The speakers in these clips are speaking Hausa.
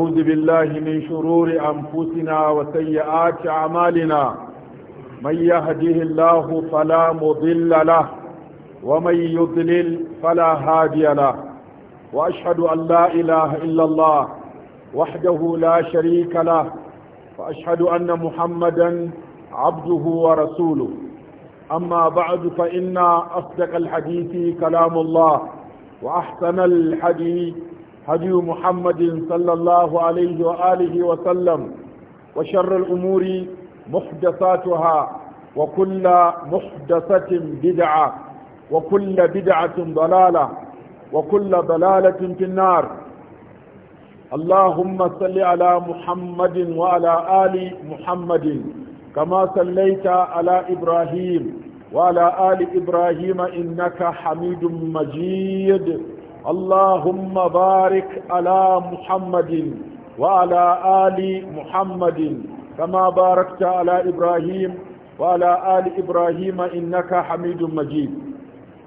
أعوذ بالله من شرور أنفسنا وسيئات أعمالنا من يهده الله فلا مضل له ومن يضلل فلا هادي له وأشهد أن لا إله إلا الله وحده لا شريك له وأشهد أن محمدا عبده ورسوله أما بعد فإن أصدق الحديث كلام الله وأحسن الحديث هدي محمد صلى الله عليه وآله وسلم وشر الأمور محدثاتها وكل محدثة بدعة وكل بدعة ضلالة وكل ضلالة في النار اللهم صل على محمد وعلى آل محمد كما صليت على إبراهيم وعلى آل إبراهيم إنك حميد مجيد اللهم بارك على محمد وعلى آل محمد كما باركت على إبراهيم وعلى آل إبراهيم إنك حميد مجيد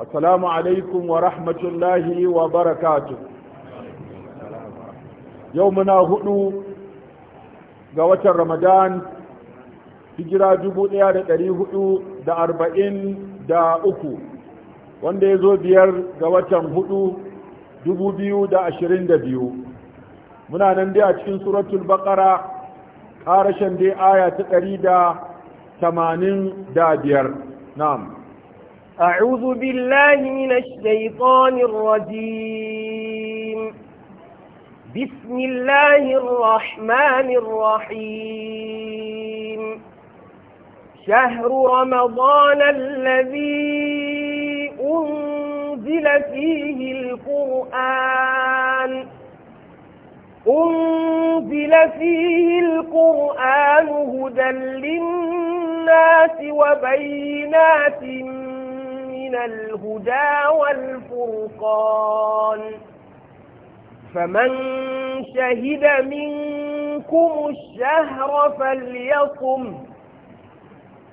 السلام عليكم ورحمة الله وبركاته يومنا هدو قوة رمضان hijira dubu ɗaya da ɗari hudu da arba'in da uku wanda ya zo biyar ga watan hudu 2022 muna nan dai a cikin suratul baqara karashen dai aya ta 185 na'am أعوذ بالله من الشيطان الرجيم بسم الله الرحمن الرحيم شهر رمضان الذي أنزل فيه القرآن أنزل فيه القرآن هدى للناس وبينات من الهدى والفرقان فمن شهد منكم الشهر فليصم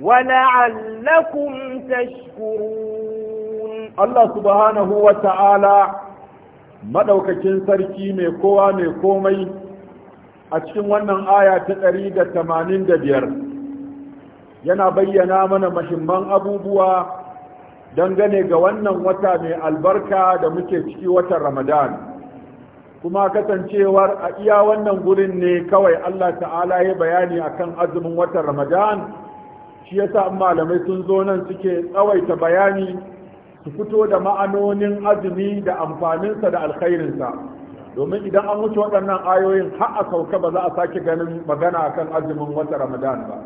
ولعلكم تشكرون الله سبحانه وتعالى madaukakin sarki mai kowa mai komai a cikin wannan aya ta ɗari da da biyar, yana bayyana mana mahimman abubuwa dangane ga wannan wata mai albarka da muke ciki watan ramadan kuma kasancewar a iya wannan gurin ne kawai allah ta'ala ya bayani akan azumin watan ramadan shi yasa malamai sun zo nan suke tsawaita bayani su fito da ma'anonin azumi da amfaninsa da alkhairinsa domin idan an wuce waɗannan ayoyin har a sauka ba za a sake ganin magana kan azumin wata ramadan ba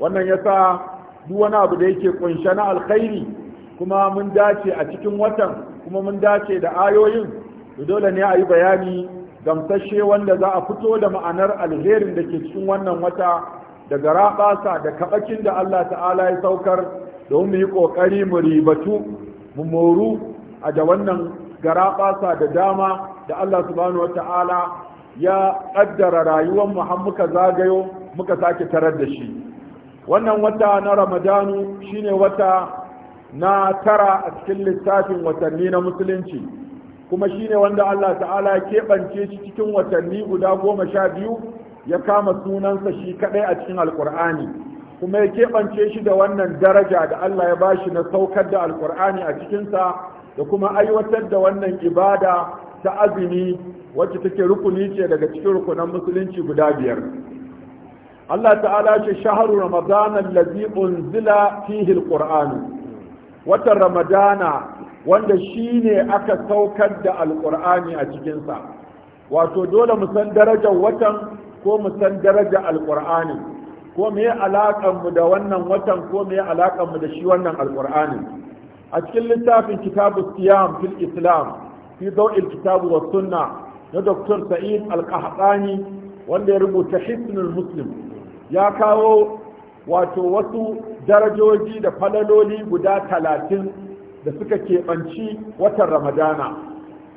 wannan yasa duk wani abu da yake kunshe na alkhairi kuma mun dace a cikin watan kuma mun dace da ayoyin to dole ne a yi bayani gamsashe wanda za a fito da ma'anar alherin da ke cikin wannan wata daga raɓasa da kaɓakin da Allah ta'ala ya saukar don mu yi ƙoƙari mu ribatu mu moru a da wannan garaɓasa da dama da Allah subhanahu wata'ala ya ƙaddara rayuwar mu har muka zagayo muka sake tarar da shi wannan wata na ramadanu shine wata na tara a cikin littafin watanni na musulunci kuma shine wanda Allah ta'ala ya keɓance shi cikin watanni guda goma sha biyu ya kama sunansa shi kadai a cikin alkur'ani kuma ya keɓance shi da wannan daraja da Allah ya ba shi na saukar da alkur'ani a cikinsa da kuma aiwatar da wannan ibada ta azumi wacce take rukuni ce daga cikin rukunan musulunci guda biyar Allah ta'ala ce shaharu ramadana allazi unzila fihi alqur'anu watan ramadana wanda shine aka saukar da alqur'ani a cikin sa wato dole mu san darajar watan ko mu san daraja alqur'ani ko me alaƙan mu da wannan watan ko me alaƙan mu da shi wannan alqur'ani a cikin littafin kitabu siyam fil islam fi dawil kitabu wa sunna na dr sa'id al-qahtani wanda ya rubuta hisnul muslim ya kawo wato wasu darajoji da falaloli guda talatin da suka keɓanci watan ramadana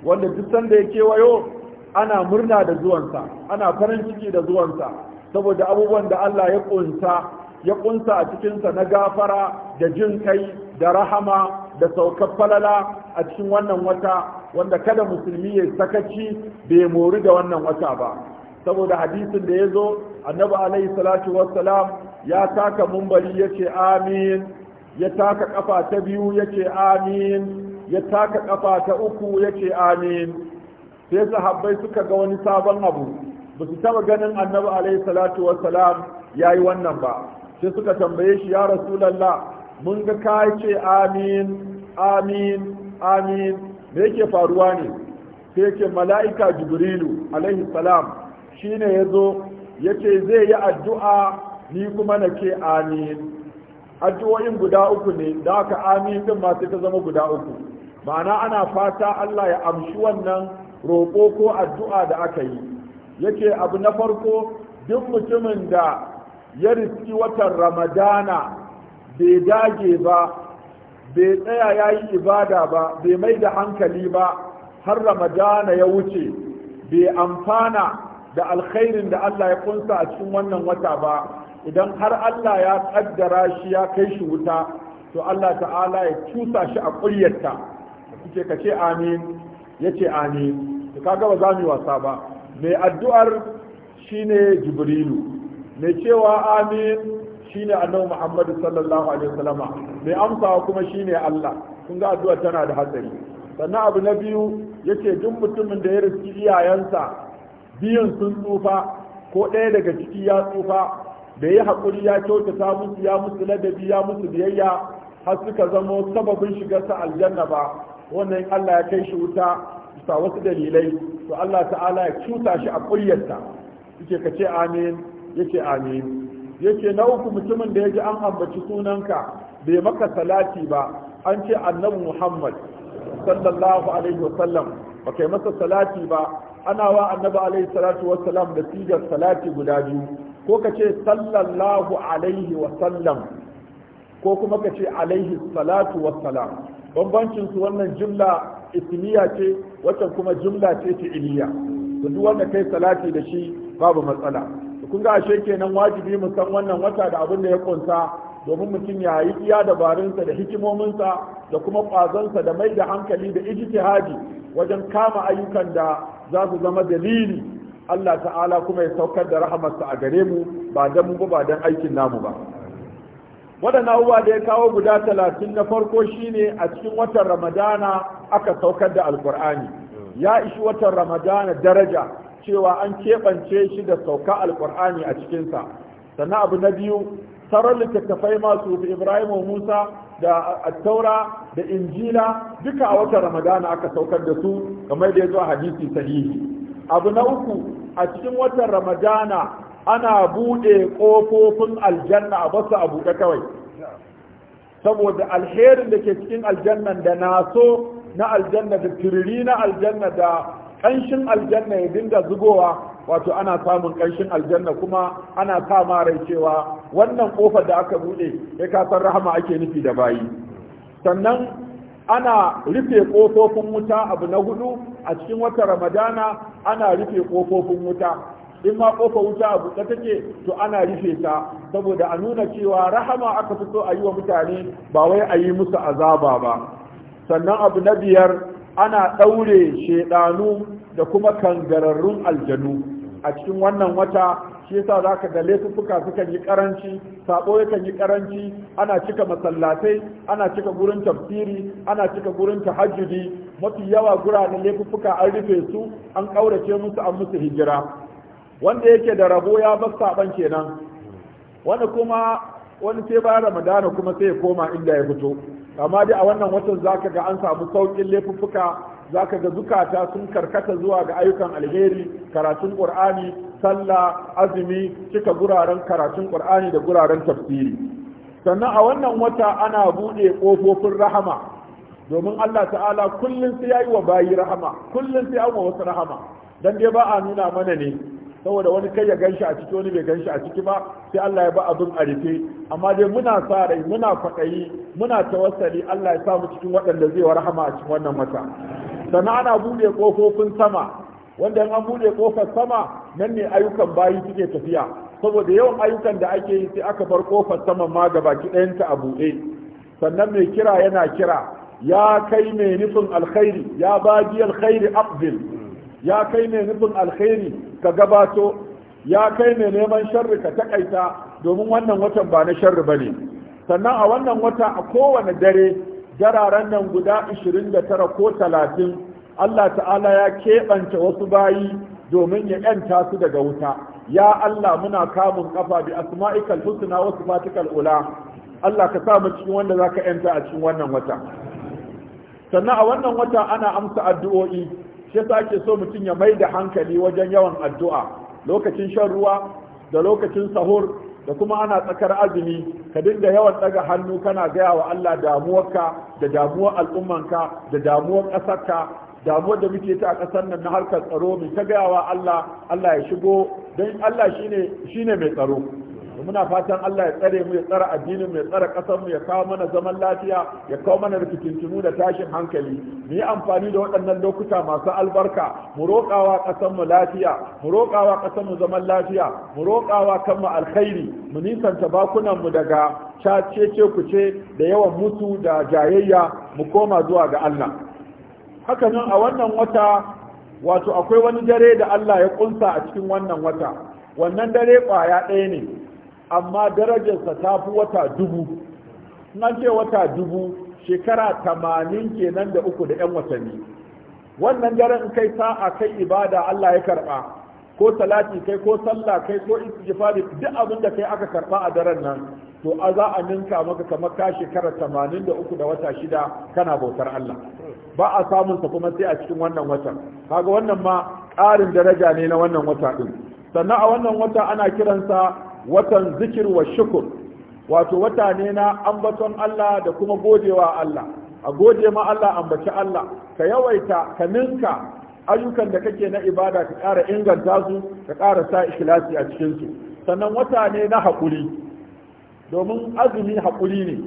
wanda duk sanda ya kewayo ana murna da zuwansa ana farin ciki da zuwansa saboda abubuwan da Allah ya kunsa ya kunta a cikinsa na gafara da jin kai da rahama da saukar falala a cikin wannan wata wanda kada musulmi ya sakaci bai mori da wannan wata ba saboda hadisin da ya zo annabi alaihi salatu wassalam ya taka mumbari ya ce amin ya taka kafa ta biyu ya ce amin ya taka kafa ta uku ya ce amin sai sahabbai suka ga wani sabon abu ba su taba ganin annabi alaihi salatu salam ya yi wannan ba sai suka tambaye shi ya rasulallah mun ga ka ce amin amin amin me yake faruwa ne sai yake mala'ika jibrilu alaihi salam shine ya zo ya ce zai yi addu'a ni kuma na ce amin addu'o'in guda uku ne da aka amin din ma sai ta zama guda uku ma'ana ana fata Allah ya amshi wannan roƙo ko addu'a da aka yi yake abu na farko duk mutumin da ya riski watan ramadana bai dage ba bai tsaya ya yi ibada ba bai mai da hankali ba har ramadana ya wuce bai amfana da alkhairin da allah ya kunsa a cikin wannan wata ba idan har allah ya kaddara shi ya kai shi wuta to allah ta'ala ya cusa shi a ƙuryarta kace ka ce amin ya ce amin ka kaga ba za mu wasa ba mai addu'ar shine jibrilu mai cewa amin shine annabi muhammadu sallallahu alaihi mai amsawa kuma shine allah kun ga addu'ar tana da hatsari sannan abu na biyu yace duk mutumin da ya riski iyayensa biyun sun tsufa ko ɗaya daga ciki ya tsufa da ya haƙuri ya kyautata musu ya musu ladabi ya musu biyayya har suka zamo sababin shigarsa aljanna ba wannan Allah ya kai shi wuta bisa wasu dalilai to Allah ta'ala ya cuta shi a kuryarsa yake ka ce amin yace amin yace na uku mutumin da yaji an ambaci sunanka bai maka salati ba an ce annabi Muhammad sallallahu alaihi wasallam ba kai masa salati ba ana wa annabi alaihi salatu wassalam da sigar salati guda biyu ko ka ce sallallahu alaihi wasallam ko kuma ka ce alaihi salatu wassalam bambancin su wannan jumla ismiya ce wata kuma jumla ce iliya to duk wanda kai salati da shi babu matsala kun ga ashe kenan wajibi mu san wannan wata da abin da ya kunsa domin mutum ya yi iya dabarunsa da hikimominsa da kuma kwazonsa da mai da hankali da ijtihadi wajen kama ayyukan da za su zama dalili Allah ta'ala kuma ya saukar da rahamarsa a gare mu ba dan mu ba dan aikin namu ba waɗannan abubuwa da ya kawo guda talatin na farko shine a cikin watan ramadana aka saukar da alkur'ani ya ishi watan ramadana daraja cewa an keɓance shi da sauka alkur'ani a cikinsa sannan abu na biyu sauran littattafai masu ibrahim musa da attaura da injila duka a watan ramadana aka saukar da su kamar da ya zo hadisi sahihi abu na uku a cikin watan ramadana ana bude kofofin aljanna a basu a buɗe kawai saboda alherin da ke cikin aljanna da naso na aljanna da tiriri na aljanna da kanshin aljanna ya dinga zubowa wato ana samun kanshin aljanna kuma ana sa rai cewa wannan kofar da aka bude ya kasar rahama ake nufi da bayi sannan ana rufe kofofin wuta abu na hudu a cikin wata ramadana ana rufe kofofin wuta in ma kofa wuta a buɗe take to ana rufe ta saboda a nuna cewa rahama aka fi so a yi wa mutane ba wai a yi musu azaba ba sannan abu na biyar ana ɗaure shaidanu da kuma kangararrun aljanu a cikin wannan wata shi yasa za ka ga laifuffuka sukan yi karanci saɓo yakan yi karanci ana cika masallatai ana cika gurin tafsiri ana cika gurin tahajjudi mafi yawa guraren laifuffuka an rufe su an ƙaurace musu an musu hijira wanda yake da rabo ya bar saban kenan wani kuma wani sai bayan ramadana kuma sai ya koma inda ya fito amma dai a wannan watan zaka ga an samu saukin laifuffuka zaka ga zukata sun karkata zuwa ga ayyukan alheri karatun qur'ani sallah azumi cika guraren karatun qur'ani da guraren tafsiri sannan a wannan wata ana bude kofofin rahama domin Allah ta'ala kullun sai yayi wa bayi rahama kullun sai yayi wa wasu rahama dan dai ba a nuna mana ne saboda wani kai ya ganshi a ciki wani bai ganshi a ciki ba sai Allah ya ba abin a rufe amma dai muna sa rai muna kwaɗayi muna tawassali Allah ya sa mu cikin waɗanda zai wa rahama a cikin wannan mata. sannan ana buɗe ƙofofin sama wanda an buɗe ƙofar sama nan ne ayyukan bayi suke tafiya saboda yawan ayyukan da ake yi sai aka bar ƙofar sama ma gabaki ɗayanta a buɗe sannan mai kira yana kira ya kai mai nufin alkhairi ya baji alkhairi aqbil ya kai mai nufin alkhairi ka gabato ya kai mai neman sharri ka takaita domin wannan watan ba na sharri ne. sannan a wannan wata a kowane dare dararen nan guda 29 ko 30 Allah ta'ala ya keɓance wasu bayi domin ya ‘yanta su daga wuta ya Allah muna kamun kafa bi asma'ikal husna wa sifatikal ula Allah ka sa mu cikin wanda zaka ‘yanta a cikin wannan wata sannan a wannan wata ana amsa addu'o'i shi yasa ake so mutum ya mai da hankali wajen yawan addu'a lokacin shan ruwa da lokacin sahur da kuma ana tsakar azumi ka dinga yawan daga hannu kana gaya wa Allah damuwarka da damuwar al'ummanka da damuwar ƙasarka damuwar da muke ta a ƙasar nan na harkar tsaro mai ta gaya wa Allah Allah ya shigo don Allah shine shine mai tsaro muna fatan Allah ya tsare mu ya tsara addinin mu ya tsara kasar mu ya kawo mana zaman lafiya ya kawo mana rikicintunu da tashin hankali mu yi amfani da waɗannan lokuta masu albarka mu roƙawa kasar mu lafiya mu roƙawa kasar mu zaman lafiya mu roƙawa kanmu alkhairi mu nisanta bakunan mu daga cece kuce da yawan mutu da jayayya mu koma zuwa ga Allah haka nan a wannan wata wato akwai wani dare da Allah ya kunsa a cikin wannan wata wannan dare ƙwaya ɗaya ne amma darajarsa ta fi wata dubu nan ce wata dubu shekara tamanin kenan da uku da 'yan watanni wannan daren in kai sa'a kai ibada Allah ya karɓa ko salati kai ko sallah kai ko istighfari duk abin da kai aka karɓa a daren nan to a za a ninka maka kamar ka shekara tamanin da uku da wata shida kana bautar Allah ba a samun sa kuma sai a cikin wannan watan kaga wannan ma ƙarin daraja ne na wannan wata din sannan a wannan wata ana kiransa watan zikir wa shukur wato wata ne na ambaton Allah da kuma godewa Allah a gode ma Allah ambaci Allah ka yawaita ka ninka ayyukan da kake na ibada ka ƙara inganta su ka ƙara sa ikhlasi a cikin su sannan wata ne na haƙuri domin azumi haƙuri ne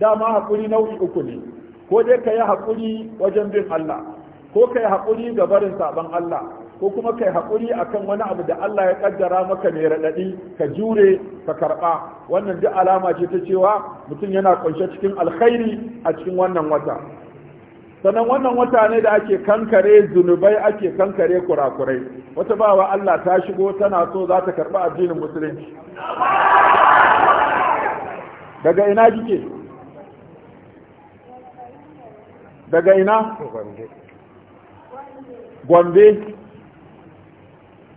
dama haƙuri nau'i uku ne ko dai ka yi haƙuri wajen bin Allah ko ka yi haƙuri ga barin saban Allah ko kuma kai haƙuri akan wani abu da Allah ya ƙaddara maka mai raɗaɗi ka jure ka karɓa wannan duk alama ce ta cewa mutum yana ƙunshe cikin alkhairi a cikin wannan wata Sanan wannan wata ne da ake kankare zunubai ake kankare kurakurai wata bawa Allah ta shigo tana so za ta karɓi addinin musulunci daga ina kike daga ina gombe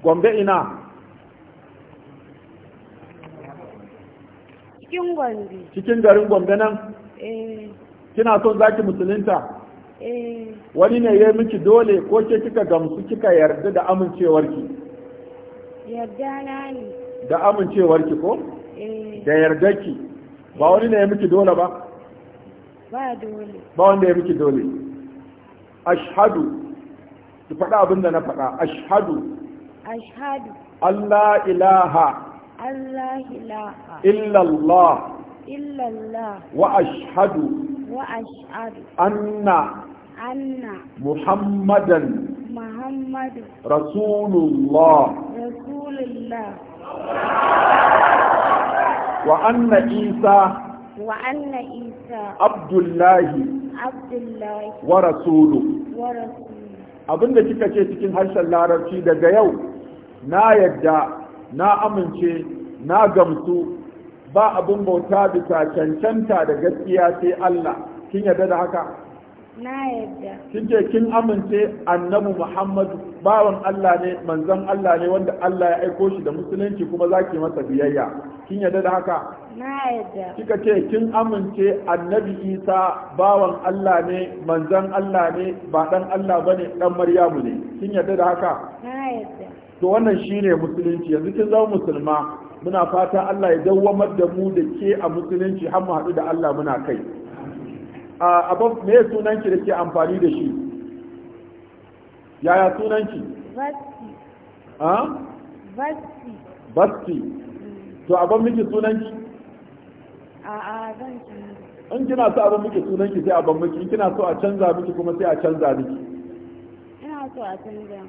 gombe ina cikin gombe cikin garin gombe nan eh kina son zaki musulunta eh wani ne ya miki dole ko ke kika gamsu kika yarda da amincewarki yarda na ne da amincewarki ko eh da ki? ba wani ne ya miki dole ba ba dole ba wanda ya miki dole ashhadu ki faɗa abin da na faɗa ashhadu أشهد أن لا إله إلا الله إلا الله وأشهد وأشهد أن أن محمدا محمد رسول الله رسول الله وأن عيسى وأن عيسى عبد الله عبد الله ورسوله ورسوله abin da kika ce cikin harshen larabci na yadda na amince na gamsu ba abin bauta bisa cancanta da gaskiya sai Allah kin yadda da haka na yadda kin ce kin amince annabi Muhammad bawan Allah ne manzon Allah ne wanda Allah ya aiko shi da musulunci kuma zaki masa biyayya kin yadda da haka na yadda kika ce kin amince annabi Isa bawan Allah ne manzon Allah ne ba dan Allah bane dan Maryamu ne kin yadda da haka na yadda to wannan shine musulunci yanzu kin zama musulma muna fata Allah ya dawwamar da mu da ke a musulunci har mu haɗu da Allah muna kai a abab me sunan ki da ke amfani da shi yaya sunan ki basti a basti basti to abab miki sunan ki a a zan ki in kina so abab miki sunan ki sai abab miki in kina so a canza miki kuma sai a canza miki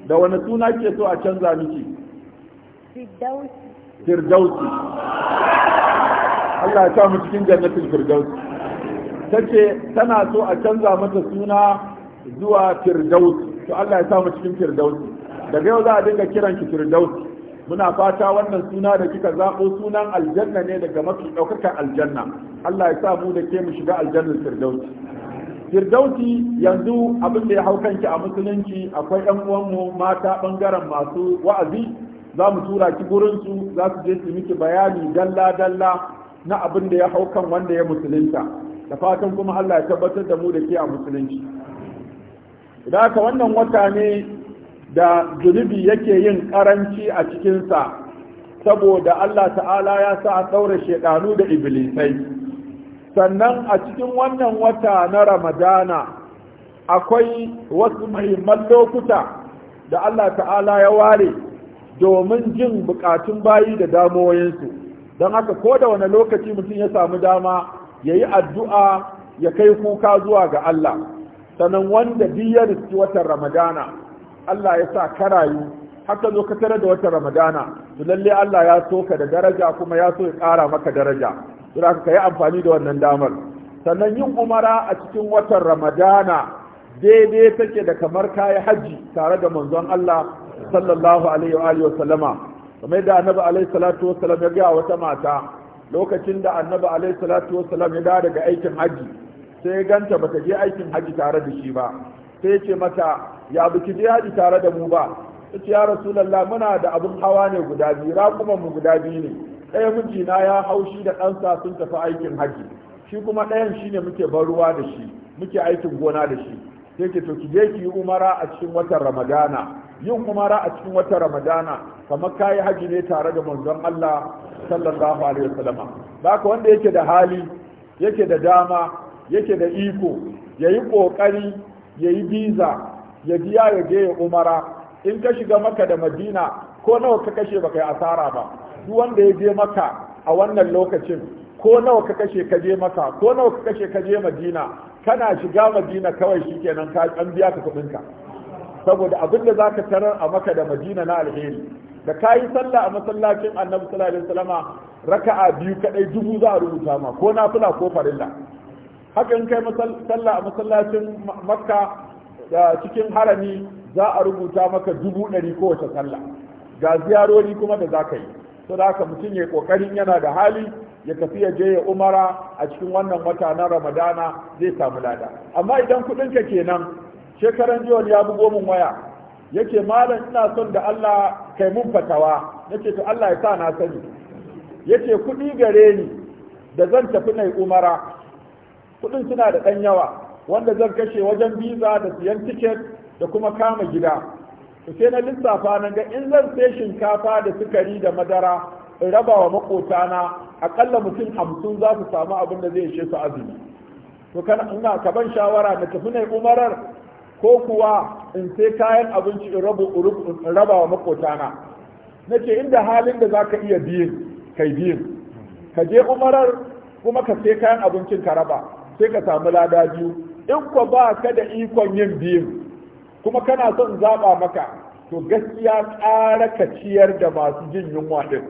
da wani suna ke so a canza miki firdausi Allah ya sa mu cikin jannatin firdausi ce tana so a canza mata suna zuwa firdausi to Allah ya sa mu cikin firdausi daga yau za a dinga kiran ki firdausi muna fata wannan suna da kika zaɓo sunan aljanna ne daga mafi ɗaukakar aljanna Allah ya sa mu da ke mu shiga aljannar firdausi firdausi yanzu abin da ya hau kanki a musulunci akwai yan uwanmu mata bangaren masu wa'azi za mu tura ki gurin su za su je su miki bayani dalla dalla na abin da ya hau kan wanda ya musulunta da fatan kuma Allah ya tabbatar da mu da ke a musulunci da haka wannan wata ne da zunubi yake yin karanci a cikinsa saboda Allah ta'ala ya sa a ɗaure shekaru da ibilisai. sannan a cikin wannan wata na ramadana akwai wasu muhimman lokuta da Allah ta'ala ya ware domin jin bukatun bayi da damoyinsu don haka ko da wani lokaci mutum ya samu dama ya yi addu'a ya kai kuka zuwa ga Allah sannan wanda biyar riski watan ramadana Allah ya sa karayu haka zo ka tare da watan ramadana su lalle Allah ya so ka da daraja kuma ya so ya ƙara maka daraja don aka ka yi amfani da wannan damar sannan yin umara a cikin watan ramadana daidai take da kamar kayi haji tare da manzon Allah sallallahu alaihi wa alihi wasallama kamar da annabi alaihi salatu wasallam ya ga wata mata lokacin da annabi alaihi salatu wasallam ya dawo daga aikin haji, sai ya ganta bata je aikin haji tare da shi ba sai ya ce mata ya biki je hajji tare da mu ba sai ya rasulullah muna da abun hawa ne guda biyu kuma mu guda biyu ne ɗaya mijina ya haushi da ɗansa sun tafi aikin haji shi kuma ɗayan shine muke ban ruwa da shi muke aikin gona da shi sai ke to ki je ki yi umara a cikin watan ramadana yin umara a cikin watan ramadana kamar ka yi haji ne tare da manzon Allah sallallahu alaihi wasallama ka wanda yake da hali yake da dama yake da iko ya yi ƙoƙari ya yi biza ya biya ya je ya umara in ka shiga maka da madina ko nawa ka kashe baka yi asara ba duk wanda ya je maka a wannan lokacin ko nawa ka kashe ka je maka ko nawa ka kashe ka je madina kana shiga madina kawai shikenan ka an biya ka kuɗinka. ka saboda abin da zaka tarar a maka da madina na alheri da kayi sallah a masallacin annabi sallallahu alaihi wasallama raka'a biyu kadai dubu za a rubuta ma ko nafila ko farilla haka in kai sallah a masallacin makka da cikin harami za a rubuta maka dubu ɗari kowace sallah ga ziyarori kuma da za ka yi saboda mutum ya kokarin yana da hali ya tafi ya je ya umara a cikin wannan wata na ramadana zai samu lada amma idan kudin ka kenan shekaran jiwon ya bugo min waya yake malam ina son da Allah kai mun fatawa nace to Allah ya sa na sani yace kudi gare ni da zan tafi nai umara kudin suna da dan yawa wanda zan kashe wajen biza da siyan tiket da kuma kama gida to sai na lissafa na ga in zan sai shinkafa da sukari da madara in raba wa makotana akalla mutum hamsin za su samu abin da zai ishe su azumi to kana ina ka ban shawara na tafi na umarar ko kuwa in sai kayan abinci in raba wa makotana na inda halin da zaka iya biyin kai biyin ka je umarar kuma ka sai kayan abincin ka raba sai ka samu lada biyu in ko ba ka da ikon yin biyin kuma kana son zaɓa maka to gaskiya ƙara ka ciyar da masu jin yunwa ɗin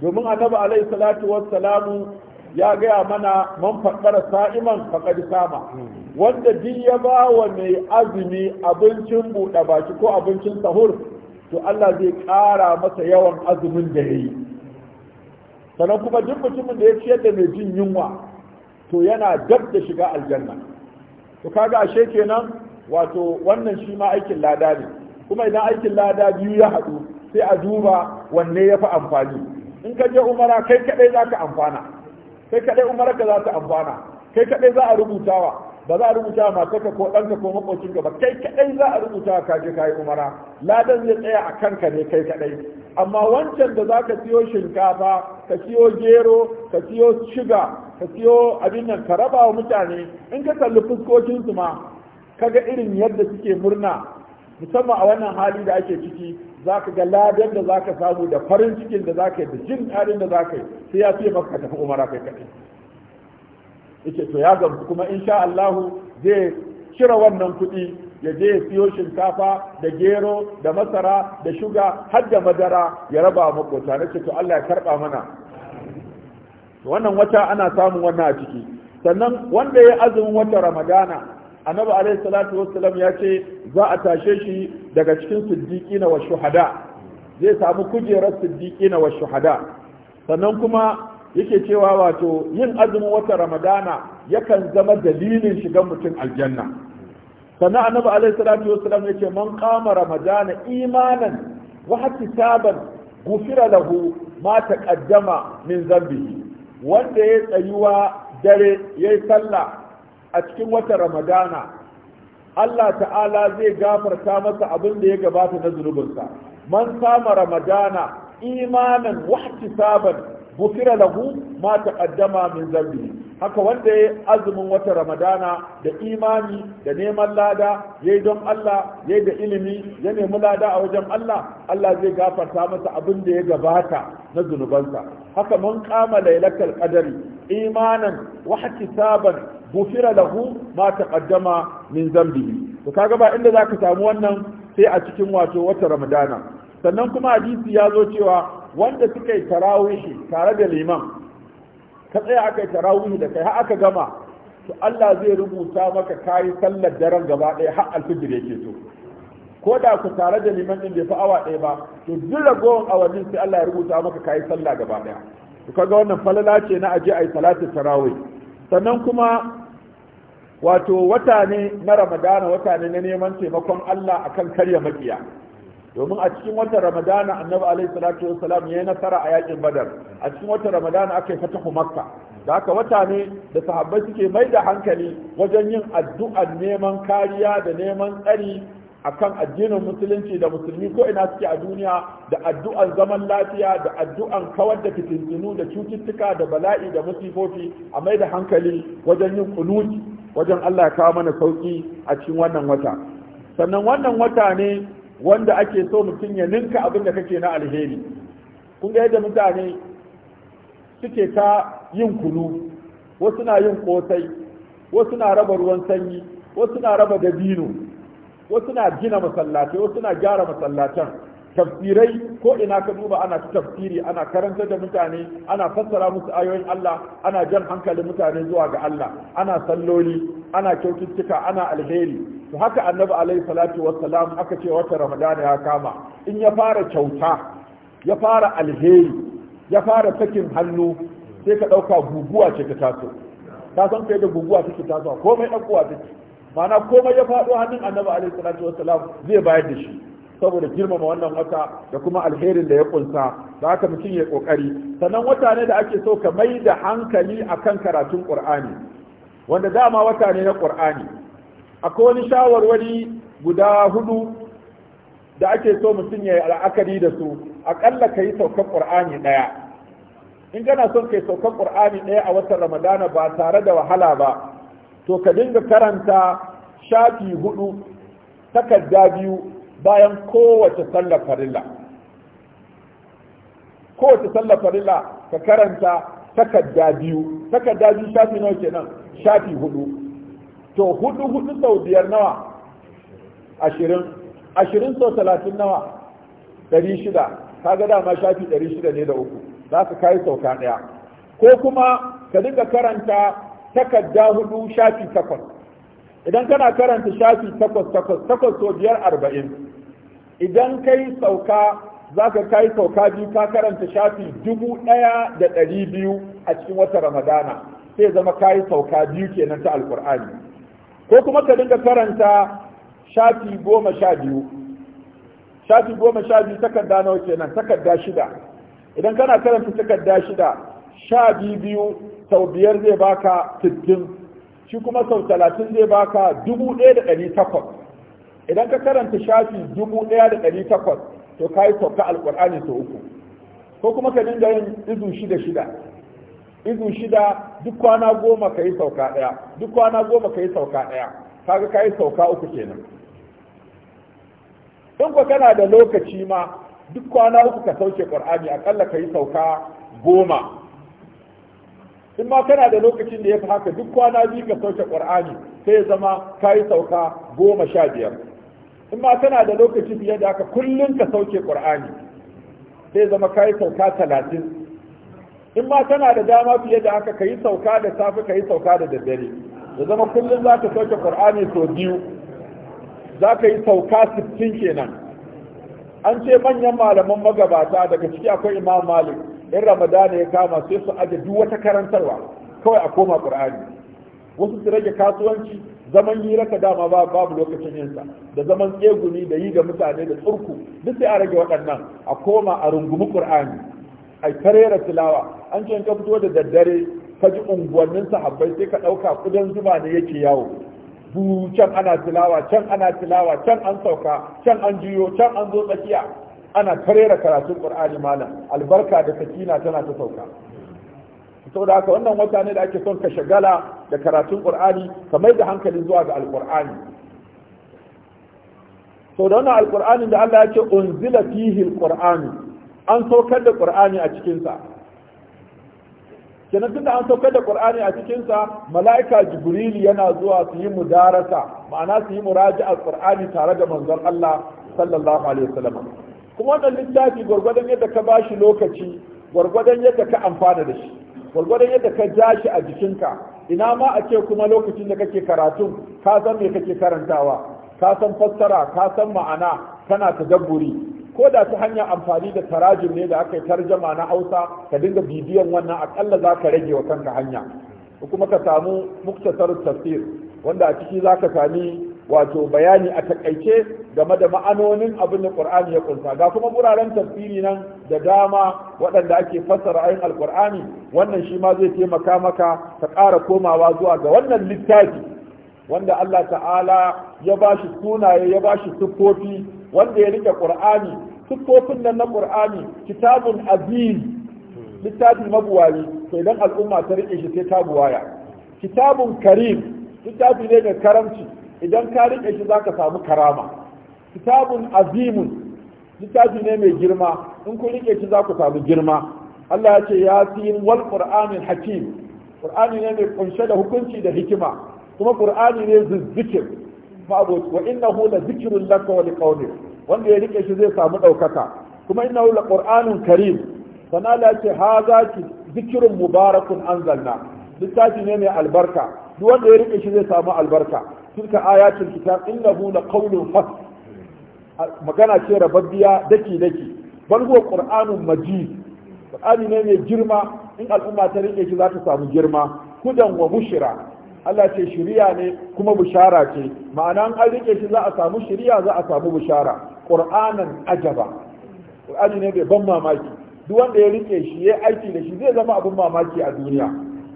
domin annabi alaihi salatu wassalamu ya gaya mana man faɗara sa'iman faƙari sama wanda duk ya ba wa mai azumi abincin buɗe baki ko abincin sahur to Allah zai ƙara masa yawan azumin da ya yi sannan kuma duk mutumin da ya ciyar da mai jin yunwa to yana dab da shiga aljanna to kaga ashe kenan wato wannan shi ma aikin lada ne kuma idan aikin lada biyu ya haɗu sai a duba wanne ya fi amfani in ka je umara kai kaɗai za ka amfana kai kaɗai umara ka za ta amfana kai kaɗai za a rubutawa ba za a rubuta kaka ko ɗanka ko makocinka ba kai kaɗai za a rubuta ka je ka umara ladan zai tsaya a kanka ne kai kaɗai amma wancan da za ka siyo shinkafa ka siyo gero ka siyo shiga ka siyo abin nan ka raba wa mutane in ka kalli fuskokinsu ma ka ga irin yadda suke murna musamman a wannan hali da ake ciki za ka ga ladan da za ka samu da farin cikin da za ka yi da jin daɗin da za ka yi sai ya fiye maka ka tafi umara kai kaɗai yake to ya gamsu kuma insha Allahu zai cire wannan kuɗi ya je ya siyo shinkafa da gero da masara da shuga har da madara ya raba maƙota na ce to Allah ya karɓa mana wannan wata ana samun wannan a ciki sannan wanda ya azumin wata ramadana annabi alaihi salatu wassalam ya ce za a tashe shi daga cikin siddiqina wa shuhada zai samu kujerar siddiqina wa shuhada sannan kuma yake cewa wato yin azumin wata ramadana yakan zama dalilin shigan mutum aljanna sannan annabi alaihi salatu wasalam yace man qama ramadana imanan wa ihtisaban gufira lahu ma taqaddama min zambihi wanda ya tsayuwa dare yayi sallah a cikin wata ramadana Allah ta'ala zai gafarta masa abin da ya gabata na zunubinsa man sama ramadana imanan wa ihtisaban gufira lahu ma taqaddama min zambi haka wanda ya azumin wata ramadana da imani da neman lada yayi don Allah yayi da ilimi ya nemi lada a wajen Allah Allah zai gafarta masa abin da ya gabata na zunubansa haka mun kama lailatul qadari imanan wa ihtisaban gufira lahu ma taqaddama min zambi to kaga ba inda zaka samu wannan sai a cikin wato wata ramadana sannan kuma hadisi ya zo cewa wanda suka yi tarawihi tare da liman ka tsaya aka yi tarawihi da kai har aka gama to Allah zai rubuta maka kayi sallar daren gaba ɗaya har alfijir yake so ko da ku tare da liman din bai fi awa ɗaya ba to duk ragowar awannin sai Allah ya rubuta maka kayi sallah gaba ɗaya to kaga wannan falala ce na aje ayi salatu tarawih sannan kuma wato wata ne na ramadana wata ne na neman taimakon Allah akan karya makiya domin a cikin watan ramadana annabi alaihi salatu wassalam ya yi nasara a yakin badar a cikin watan ramadana aka yi fatahu makka da haka wata ne da sahabbai suke mai da hankali wajen yin addu'ar neman kariya da neman tsari akan addinin musulunci da musulmi ko ina suke a duniya da addu'an zaman lafiya da addu'an kawar da fitintunu da cututtuka da bala'i da musibofi a mai da hankali wajen yin kunuti wajen Allah ya kawo mana sauki a cikin wannan wata sannan wannan wata ne wanda ake so mutum ya ninka abin da kake na alheri kun ga yadda mutane suke ta yin kunu wasu na yin kosai wasu na raba ruwan sanyi wasu na raba dabino wasu na gina masallatai wasu na gyara masallatan tafsirai ko ina ka duba ana tafsiri ana karantar da mutane ana fassara musu ayoyin Allah ana jan hankalin mutane zuwa ga Allah ana salloli ana kyaututtuka ana alheri to haka annabi alaihi salatu wassalam aka ce wata ramadana ya kama in ya fara kyauta ya fara alheri ya fara sakin hannu sai ka ɗauka guguwa ce ta taso ka san kai da guguwa take taso komai dan kuwa take ma'ana komai ya faɗo hannun annabi alaihi salatu wassalam zai bayar da shi saboda girmama wannan wata da kuma alherin da ya kunsa da haka mutum ya kokari sannan wata ne da ake so ka mai da hankali akan karatun qur'ani wanda dama wata ne na qur'ani akwai wani shawarwari guda hudu da ake so mutum ya yi al'akari da su akalla ka yi saukan qur'ani daya in kana son ka yi saukan qur'ani daya a watan ramadana ba tare da wahala ba to ka dinga karanta shafi hudu takarda biyu bayan kowace sallar farilla kowace sallar farilla ka karanta takarda biyu takarda biyu shafi nawa kenan shafi hudu to hudu hudu sau biyar nawa ashirin ashirin sau talatin nawa Dari shida Ka ga dama shafi dari shida ne da uku za su kai sauka ɗaya ko kuma ka dinga karanta takarda hudu shafi takwas idan kana karanta shafi takwas takwas takwas so biyar arba'in idan kai sauka za ka kai sauka biyu ka karanta shafi dubu ɗaya da ɗari biyu a cikin wata ramadana sai zama kai sauka biyu kenan ta alkur'ani ko kuma ka dinga karanta shafi goma sha biyu shafi goma sha biyu takarda nawa kenan takarda shida idan kana karanta takarda shida sha biyu biyu sau biyar zai baka sittin shi kuma sau talatin zai baka dubu ɗaya da ɗari takwas idan ka karanta shafi dubu ɗaya da ɗari takwas to ka yi sauka alƙur'ani sau uku ko kuma ka dinga yin izu shida shida izu shida duk kwana goma ka yi sauka ɗaya duk kwana goma ka yi sauka ɗaya kaga ka yi sauka uku kenan in ko kana da lokaci ma duk kwana uku ka sauke ƙur'ani aƙalla ka yi sauka goma in ma kana da lokacin da ya fi haka duk kwana biyu ka sauke qur'ani sai ya zama yi sauka goma sha biyar in ma kana da lokaci fiye da haka kullum ka sauke qur'ani sai ya zama yi sauka talatin in ma kana da dama fiye da haka yi sauka da safe yi sauka da daddare ya zama kullum za ka sauke qur'ani sau biyu za ka yi sauka sittin kenan an ce manyan malaman magabata daga ciki akwai imam malik in ramadana ya kama sai su aje duk wata karantarwa kawai a koma qur'ani wasu su rage kasuwanci zaman yi raka dama ba babu lokacin yinsa da zaman tsegumi da yi ga mutane da tsurku duk sai a rage waɗannan a koma a rungumi qur'ani ai tarera tilawa an ce ka fito da daddare ka ji unguwannin sahabbai sai ka ɗauka kudan zuba da yake yawo bu can ana tilawa can ana tilawa can an sauka can an jiyo can an zo tsakiya ana karera karatun qur'ani malam albarka da sakina tana ta sauka saboda haka wannan wata ne da ake son ka shagala da karatun qur'ani ka mai da hankali zuwa ga alqur'ani to da wannan alqur'ani da Allah ya ce unzila fihi alqur'ani an saukar da qur'ani a cikin sa kenan tunda an saukar da qur'ani a cikin sa mala'ika jibril yana zuwa su yi mudarasa ma'ana su yi muraji'a qur'ani tare da manzon Allah sallallahu alaihi wasallam kuma wannan littafi gwargwadon yadda ka bashi lokaci gwargwadon yadda ka amfana da shi gwargwadon yadda ka ja shi a jikinka ina ma a ce kuma lokacin da kake karatun ka san me kake karantawa ka san fassara ka san ma'ana kana tadabburi ko da ta hanyar amfani da tarajim ne da aka yi tarjama na hausa ka dinga bibiyan wannan akalla za ka rage wa kanka hanya kuma ka samu muktasar tafsir wanda a ciki za ka sami wato bayani a takaice game da ma'anonin abin da Qur'ani ya kunsa ga kuma guraren tafsiri nan da dama waɗanda ake fassara ayin alqur'ani wannan shi ma zai taimaka maka ka ƙara komawa zuwa ga wannan littafi wanda Allah ta'ala ya bashi sunaye ya bashi siffofi wanda ya rike Qur'ani siffofin nan na Qur'ani kitabun azim littafi mabuwari to idan al'umma ta rike shi sai ta buwaya kitabun karim littafi ne da karamci idan ka riƙe shi za ka samu karama kitabun azimun littafi ne mai girma in ku riƙe shi za ku samu girma Allah ya ce yasin wal qur'anil hakim qur'ani ne mai kunshe da hukunci da hikima kuma qur'ani ne zikir fa abu wa innahu la zikrun laka wa liqawmik wanda ya riƙe shi zai samu ɗaukaka kuma innahu la qur'anun karim sana Allah ya ce haza zikrun mubarakun anzalna littafi ne mai albarka duk wanda ya riƙe shi zai samu albarka tilka ayatul kitab innahu laqawlun fasl magana ce rababbiya daki daki bal huwa qur'anun majid qur'ani ne mai girma in al'umma ta rike shi za ta samu girma hudan wa bushra Allah ce shiriya ne kuma bushara ce ma'ana an rike shi za a samu shiriya za a samu bushara qur'anan ajaba qur'ani ne ban mamaki duk wanda ya rike shi ya aiki da shi zai zama abin mamaki a duniya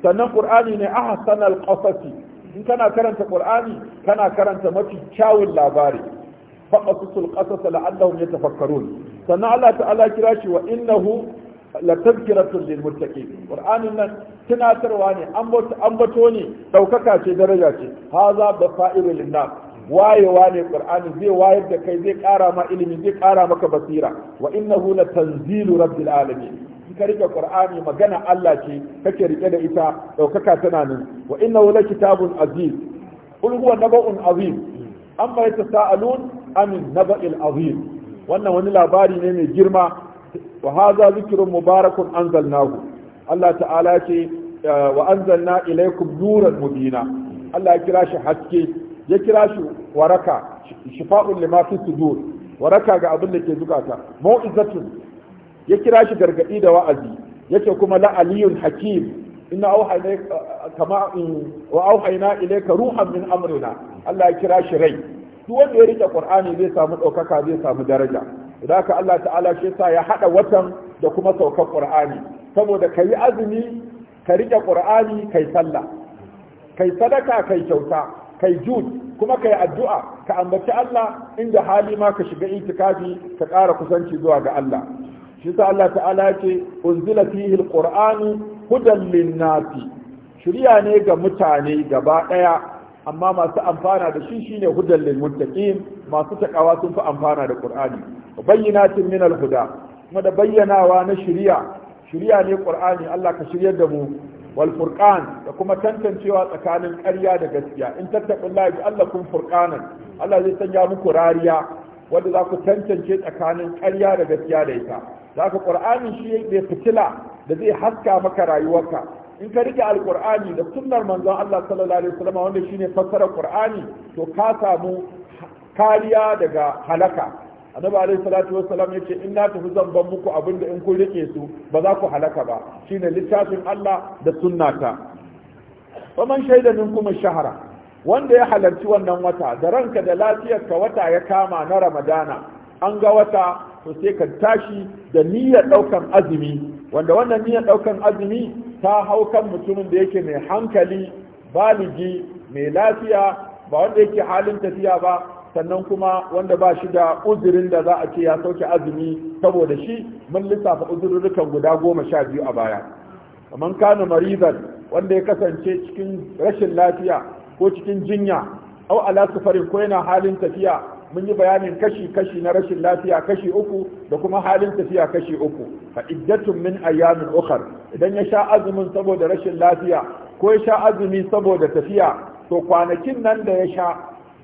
sannan qur'ani ne ahsanal qasasi in kana karanta qur'ani kana karanta mafi kyawun labari faqasusul qasas la'allahum yatafakkarun sannan Allah ta'ala kira shi wa innahu la tazkiratun lil muttaqin qur'anin nan tunatarwa ne ambato ne daukaka ce daraja ce haza basairul linnas wayewa ne qur'ani zai wayar da kai zai kara ma ilimi zai kara maka basira wa innahu la tanzilu rabbil alamin ka rike qur'ani magana Allah ce kake rike da ita daukaka tana nan wa innahu la kitabun aziz qul huwa naba'un azim amma yatasaalun na naba'il azim wannan wani labari ne mai girma wa hadha zikrun mubarakun anzalnahu Allah ta'ala ce wa anzalna ilaykum nuran mubina Allah ya kira shi haske ya kira shi waraka shifa'un lima fi sudur waraka ga abin da ke zukata mau'izatun ya kira shi gargadi da wa'azi yace kuma la aliyun hakim inna auhayna kama wa auhayna ilayka ruhan min amrina Allah ya kira shi rai duk wanda ya rike qur'ani zai samu daukaka zai samu daraja idan ka Allah ta'ala shi sa ya hada watan da kuma saukar qur'ani saboda kai azumi ka rike qur'ani kai sallah kai sadaka kai kyauta kai jud kuma kai addu'a ka ambaci Allah inda hali ma ka shiga itikafi ka ƙara kusanci zuwa ga Allah shi sa Allah ta'ala ce unzila fihi alqur'anu hudan linnasi shirya ne ga mutane gaba daya amma masu amfana da shi shine hudan lil muttaqin masu takawa sun fi amfana da qur'ani bayyinatin min alhuda kuma da bayyanawa na shiriya, shirya ne qur'ani Allah ka shiryar da mu wal furqan da kuma tantancewa tsakanin ƙarya da gaskiya in tattaqullahi bi allakum furqanan Allah zai sanya muku rariya wanda za ku tantance tsakanin ƙarya da gaskiya da ita da aka shi ne fitila da zai haska maka rayuwarka in ka rike alƙur'ani da sunnar manzon Allah sallallahu alaihi wasallam wanda shine fassara ƙur'ani to ka samu kariya daga halaka annabi alaihi salatu wasallam yace in na tafi zan muku abin da in kun rike su ba za ku halaka ba shine littafin Allah da sunnata man shaida minkum shahara wanda ya halarci wannan wata da ranka da lafiyarka wata ya kama na ramadana an ga wata to sai ka tashi da niyyar ɗaukan azumi wanda wannan niyyar ɗaukan azumi ta hau kan mutumin da yake mai hankali baligi mai lafiya ba wanda yake halin tafiya ba sannan kuma wanda ba shi da uzurin da za a ce ya sauke azumi saboda shi mun lissafa uzurrukan guda goma sha biyu a baya kamar kana marizan wanda ya kasance cikin rashin lafiya ko cikin jinya au ala sufarin ko yana halin tafiya mun yi bayanin kashi-kashi na rashin lafiya kashi uku da kuma halin tafiya kashi uku fa iddatun min ayyamin ukhar idan ya sha azumin saboda rashin lafiya ko ya sha azumi saboda tafiya to kwanakin nan da ya sha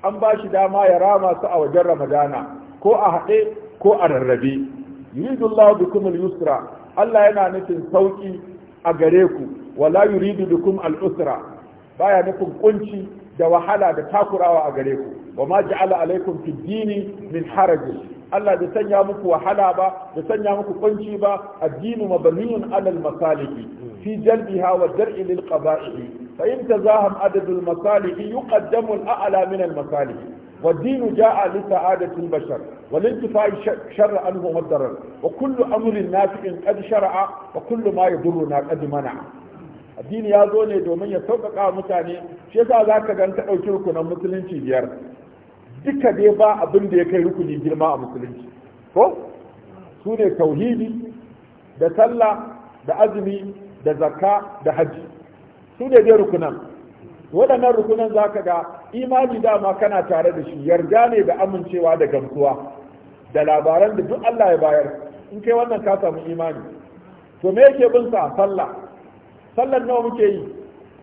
an ba shi dama ya rama su a wajen ramadana ko a haɗe ko a rarrabe yuridullahu bikum al-yusra Allah yana nufin sauki a gare ku wala yuridu bikum al-usra baya nufin kunci da wahala da takurawa a gare ku wa ma ja'ala alaikum fi dini min harajin Allah bai sanya muku wahala ba da sanya muku kunci ba addinu mabniyun ala al-masalih fi jalbiha wa dar'i lil qaba'ih fa in tazaham adad al-masalih yuqaddamu al-a'la min al-masalih والدين جاء لسعادة البشر والانتفاع شر عنه والضرر وكل أمر نافع قد شرع وكل ما يضرنا قد منع addini ya zo ne domin ya sauƙaƙa mutane shi yasa za ka gan ta ɗauki rukunan musulunci biyar duka dai ba abin da ya kai rukuni girma a musulunci ko su ne tauhidi da sallah da azumi da zakka da hajji su ne dai rukunan waɗannan rukunan za ka ga imani dama kana tare da shi yarda ne da amincewa da gamsuwa da labaran da duk Allah ya bayar in kai wannan ka samu imani to me yake bin sa sallah sallar nawa muke yi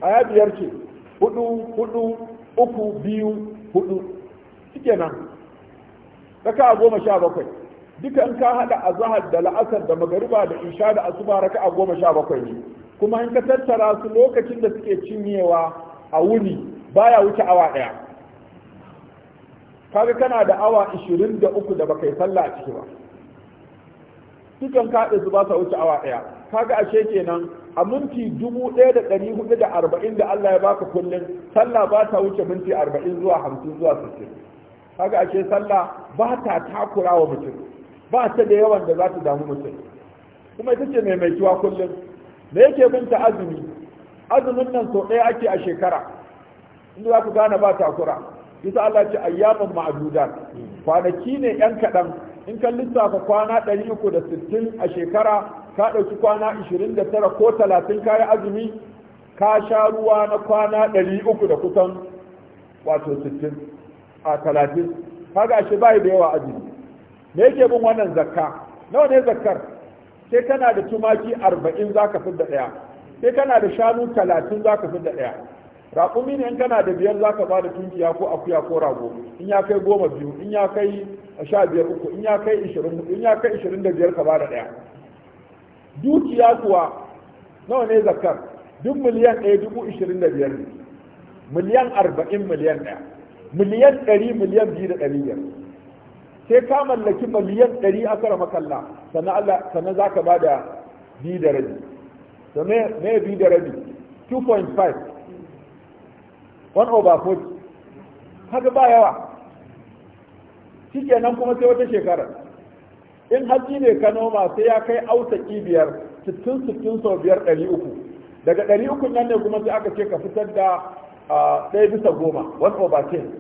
a ya biyar ce hudu hudu uku biyu hudu Suke nan raka goma sha bakwai duka in ka hada zahar da la'asar da magariba da isha da asuba raka goma sha bakwai ne kuma in ka tattara su lokacin da suke cinyewa a wuni baya wuce awa daya kaga kana da awa 23 da baka yi sallah a ciki ba dukan kaɗe su ba sa wuce awa daya kaga ashe kenan a minti dubu ɗaya da ɗari hudu da arba'in da Allah ya baka kullum sallah ba ta wuce minti arba'in zuwa hamsin zuwa sittin haka ake sallah ba ta takura wa mutum ba ta da yawan da za ta damu mutum kuma ita ce mai maituwa kullum me yake binta azumi azumin nan sau ɗaya ake a shekara inda za ku gane ba takura isa Allah ce ayyaman ma'adudan kwanaki ne yan kaɗan in kan lissafa kwana ɗari uku da sittin a shekara ka ɗauki kwana 29 ko 30 kayi azumi ka sha ruwa na kwana 300 da kusan wato 60 a 30 kaga shi bai da yawa azumi me yake bin wannan zakka nawa ne zakkar sai kana da tumaki 40 zaka fi da daya sai kana da shanu 30 zaka fi da daya raƙumi ne in kana da biyar zaka ba da tunkiya ko akuya ko rago in ya kai goma biyu in ya kai sha biyar uku in ya kai ishirin in ya kai ishirin da biyar ka ba da ɗaya dukiya kuwa nawa ne zakar duk miliyan ɗaya dubu ishirin da biyar ne miliyan arba'in miliyan ɗaya miliyan ɗari miliyan biyu da ɗari biyar sai ka mallaki miliyan ɗari a kara makalla sannan za ka ba da biyu da rabi to me biyu da rabi 2.5 1 over 40 haka ba yawa shi kenan kuma sai wata shekarar in haji ne ka noma sai ya kai ausaki biyar sittin sittin sau daga ɗari nan ne kuma sai aka ce ka fitar da ɗaya bisa goma one over ten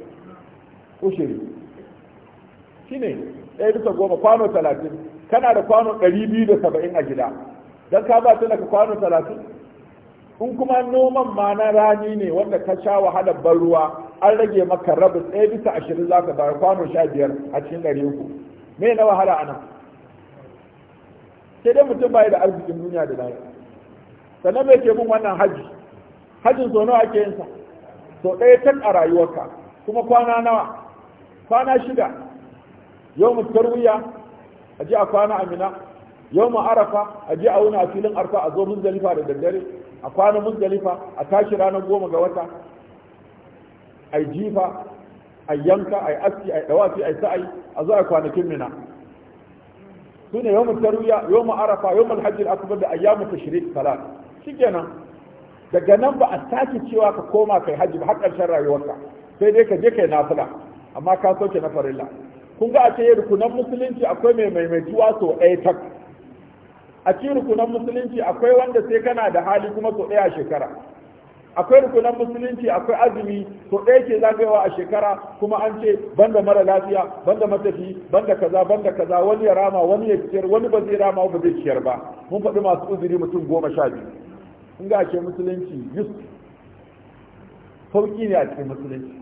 ushiri shi ne ɗaya bisa goma kwano talatin kana da kwano ɗari a gida don ka ba tana ka kwano talatin in kuma noman ma na rani ne wanda ka sha wahalar ban ruwa an rage maka rabin ɗaya bisa ashirin za ka bayar kwano sha a cikin ɗari uku me na wahala a nan sai dai mutum bai da arzikin duniya da lahira sannan mai ke mun wannan haji hajin so nawa ake yin sa so ɗaya tak a rayuwarka kuma kwana nawa kwana shida yau mu tarwiya a je a kwana amina yau mu arafa a je a wuna a filin arfa a zo mun zalifa da daddare a kwana mun zalifa a tashi ranar goma ga wata a jifa a yanka a aski a dawafi a sa'ai a zo a kwanakin mina sune yawmut tarwiya yawm arafa yawmul hajj al-akbar da ayyamut tashrik salat shikenan daga nan ba a saki cewa ka koma kai haji ba har karshen rayuwarka sai dai ka je kai nafila amma ka soke na farilla kun ga a ce rukunan musulunci akwai mai maimaituwa so ɗaya tak a cikin rukunan musulunci akwai wanda sai kana da hali kuma so ɗaya shekara akwai rukunan musulunci akwai azumi to ɗaya ke zagayewa a shekara kuma an ce banda mara lafiya banda matafi banda kaza banda kaza wani ya rama wani ya ciyar wani ba zai rama ba zai ciyar ba mun faɗi masu uzuri mutum goma sha biyu in ga ce musulunci yus sauƙi ne a cikin musulunci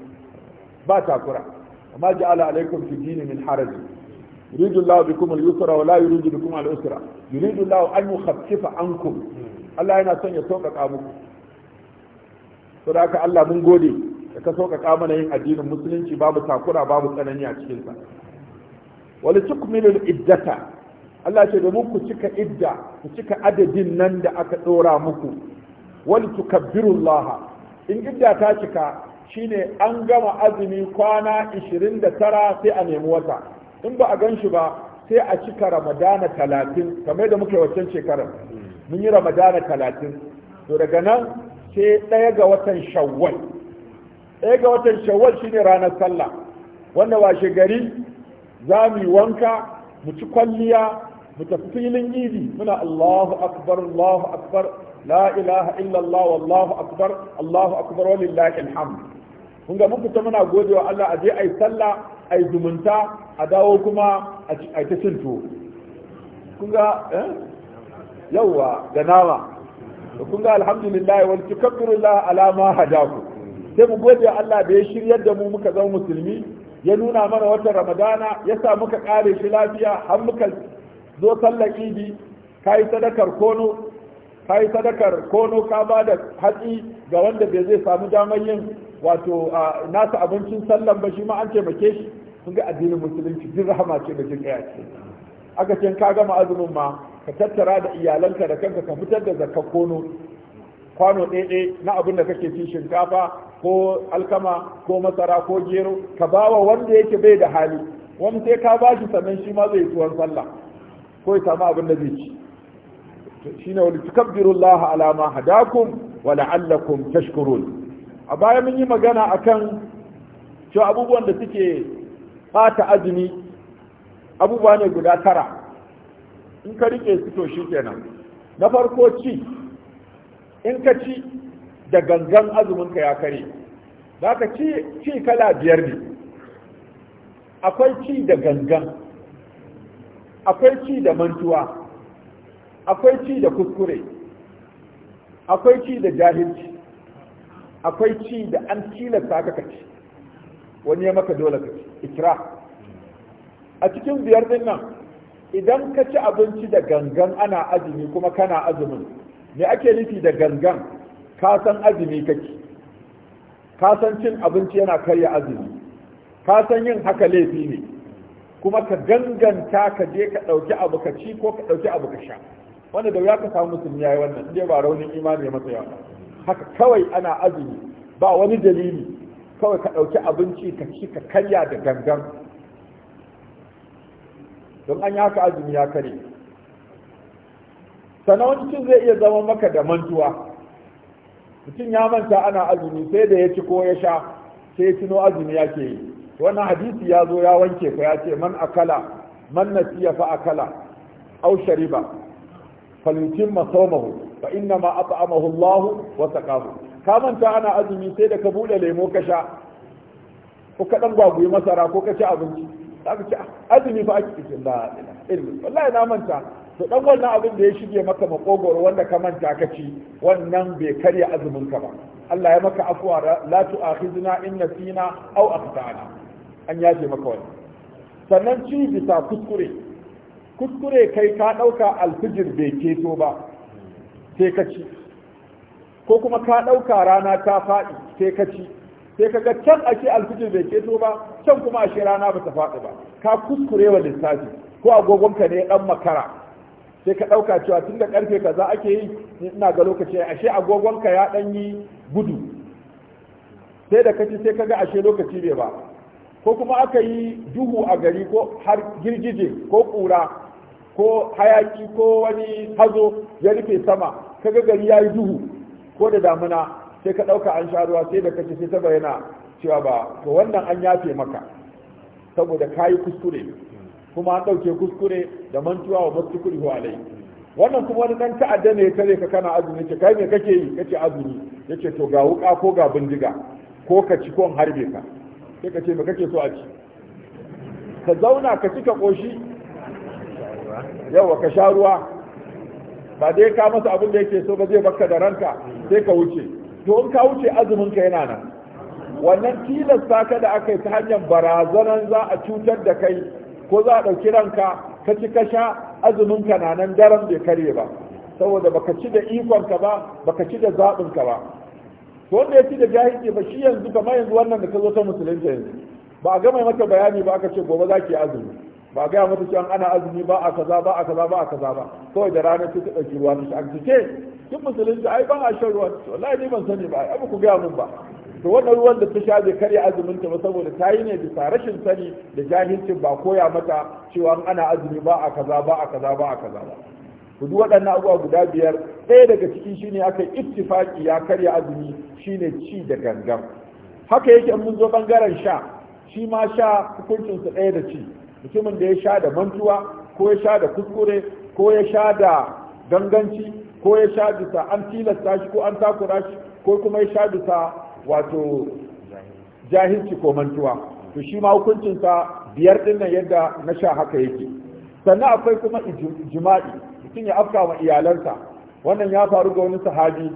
ba takura amma ja'ala alaikum fi dini min haraji yuridu Allah bikum al-yusra wa la yuridu bikum al-usra yuridu Allah an yukhaffifa ankum Allah yana son ya sauƙaƙa muku sadaka Allah mun gode da ka sauƙaƙa mana yin addinin musulunci babu takura babu tsanani a cikin sa wal tukmilu iddata Allah ce domin ku cika idda ku cika adadin nan da aka ɗora muku wal tukabbirullah in idda ta cika shine an gama azumi kwana 29 sai a nemi wata in ba a gan shi ba sai a cika ramadana talatin kamar da muke waccan shekarar mun yi ramadana talatin to daga nan ce ɗaya ga watan shawwal ɗaya ga watan shawwal shine ranar sallah wanda washe gari za mu yi wanka mu ci kwalliya mu tafi filin idi muna Allahu akbar Allahu akbar la ilaha illallah wallahu akbar Allahu akbar walillahi alhamd kun ga muku fita muna wa Allah a je ai sallah ai zumunta a dawo kuma a ta cin tuwo kun ga eh yawwa da nama da kun ga alhamdulillah wal la ala ma hadaku sai mu gode Allah da ya shiryar da mu muka zama musulmi ya nuna mana watan ramadana ya sa muka kare shi lafiya har muka zo sallar idi kai sadakar kono kai sadakar kono ka ba da hatsi ga wanda bai zai samu damar yin wato nasa abincin sallan ba shi ma an taimake shi kun ga addinin musulunci duk rahama ce da jin ce aka ce ka gama azumin ma ka tattara da iyalanka da kanka ka fitar da zakka kono kwano ɗaya na abin da kake ci shinkafa ko alkama ko masara ko gero ka ba wa wanda yake bai da hali wani sai ka ba shi sannan shi ma zai tuwon sallah ko ya samu abin da zai ci ne wani tukabbirullaha laha alama hadakum wa la'allakum tashkurun a baya mun yi magana akan cewa abubuwan da suke bata azumi abubuwa ne guda tara in ka rike su to shikenan na farko ci in ka ci da gangan azumin ka ya kare za ka ci ci kala biyar ne akwai ci da gangan akwai ci da mantuwa akwai ci da kuskure akwai ci da jahilci akwai ci da an tilasta ka ci. wani ya maka dole ka ci. ikra a cikin biyar din nan idan ka ci abinci da gangan ana azumi kuma kana azumin me ake nufi da gangan ka san azumi kake ka san cin abinci yana karya azumi ka san yin haka laifi ne kuma ka ganganta ka je ka ɗauki abu ka ci ko ka ɗauki abu ka sha wanda da ya ka samu musulmi yayi wannan inda ba raunin imani ya masa haka kawai ana azumi ba wani dalili kawai ka ɗauki abinci ka ci ka karya da gangan don an yi haka azumi ya kare sannan zai iya zama maka da mantuwa mutum ya manta ana azumi sai da ya ci ko ya sha sai ya tuno azumi ke yi wannan hadisi ya zo ya wanke ka ya ce man akala man siya fa akala au shariba falyutimma sawmahu fa inna ma at'amahu Allah wa saqahu ka manta ana azumi sai da ka bude lemo ka sha ko ka dan gwagwi masara ko ka ci abinci aka ce ah, azumi fa ake cikin la ilmi wallahi na manta to dan wannan abin da ya shige maka makogoro wanda ka manta ka ci wannan bai karya azumin ka ba Allah ya maka afwa la tu'akhizna in nasina aw akhtana an yaje maka wani sannan ci bisa kuskure kuskure kai ka dauka alfijir bai keto ba sai ka ci ko kuma ka dauka rana ta faɗi sai ka ci sai ka ga can ake alfijir bai keto ba can kuma ashe rana ba ta faɗi ba ka kuskure wa lissafi ko agogonka ne dan makara sai ka ɗauka cewa tun da ƙarfe za ake yi ina ga lokaci ashe agogonka ya ɗan yi gudu sai da kaci sai kaga ashe lokaci bai ba ko kuma aka yi duhu a gari ko har girgije ko ƙura ko hayaki ko wani hazo ya rufe sama Ka ga gari ya yi duhu ko da damuna sai ka ɗauka an sha ruwa sai da kaci sai ta bayyana cewa ba to wannan an yafe maka saboda kayi kuskure kuma an ɗauke kuskure da mantuwa wa masu kuri alai wannan kuma wani ɗan ta'adda ne kare ka kana azumi ce kai me kake yi kace azumi yace to ga wuka ko ga bindiga ko ka ci ko harbe ka sai ka ce me kake so a ci ka zauna ka ci ka koshi yawa ka sha ruwa ba dai ka masa abin da yake so ba zai baka da ranka sai ka wuce to in ka wuce azumin ka yana nan wannan tilasta ka da aka yi ta hanyar barazanar za a cutar da kai ko za a ɗauki ranka ka ci ka sha azumin ka na nan daren bai karye ba saboda baka ci da ikon ka ba baka ci da zaɓinka ka ba to wanda ya ci da jahilci ba shi yanzu kamar yanzu wannan da ka zo ta musulunci yanzu ba a gama mata bayani ba aka ce gobe za ki azumi ba a gaya mata cewa ana azumi ba a kaza ba a kaza ba a kaza ba kawai da ranar ta ɗauki ruwa ta shi an ce duk musulunci ai ban a shan ruwa wallahi ni ban sani ba ai ku gaya mun ba to wannan ruwan da ta sha bai karya azumin ta ba saboda ta yi ne bisa rashin sani da jahilcin ba koya mata cewa ana azumi ba a kaza ba a kaza ba a kaza ba to duk waɗannan abubuwa guda biyar ɗaya daga ciki shine aka ittifaki ya karya azumi shine ci da gangan haka yake mun zo bangaren sha shi ma sha hukuncin su ɗaya da ci mutumin da ya sha da mantuwa ko ya sha da kuskure ko ya sha da ganganci ko ya sha bisa an tilasta shi ko an takura shi ko kuma ya sha bisa wato jahilci ko mantuwa to shi ma hukuncinsa biyar din nan yadda na sha haka yake sannan akwai kuma jima'i mutum ya afka wa iyalansa wannan ya faru ga wani sahabi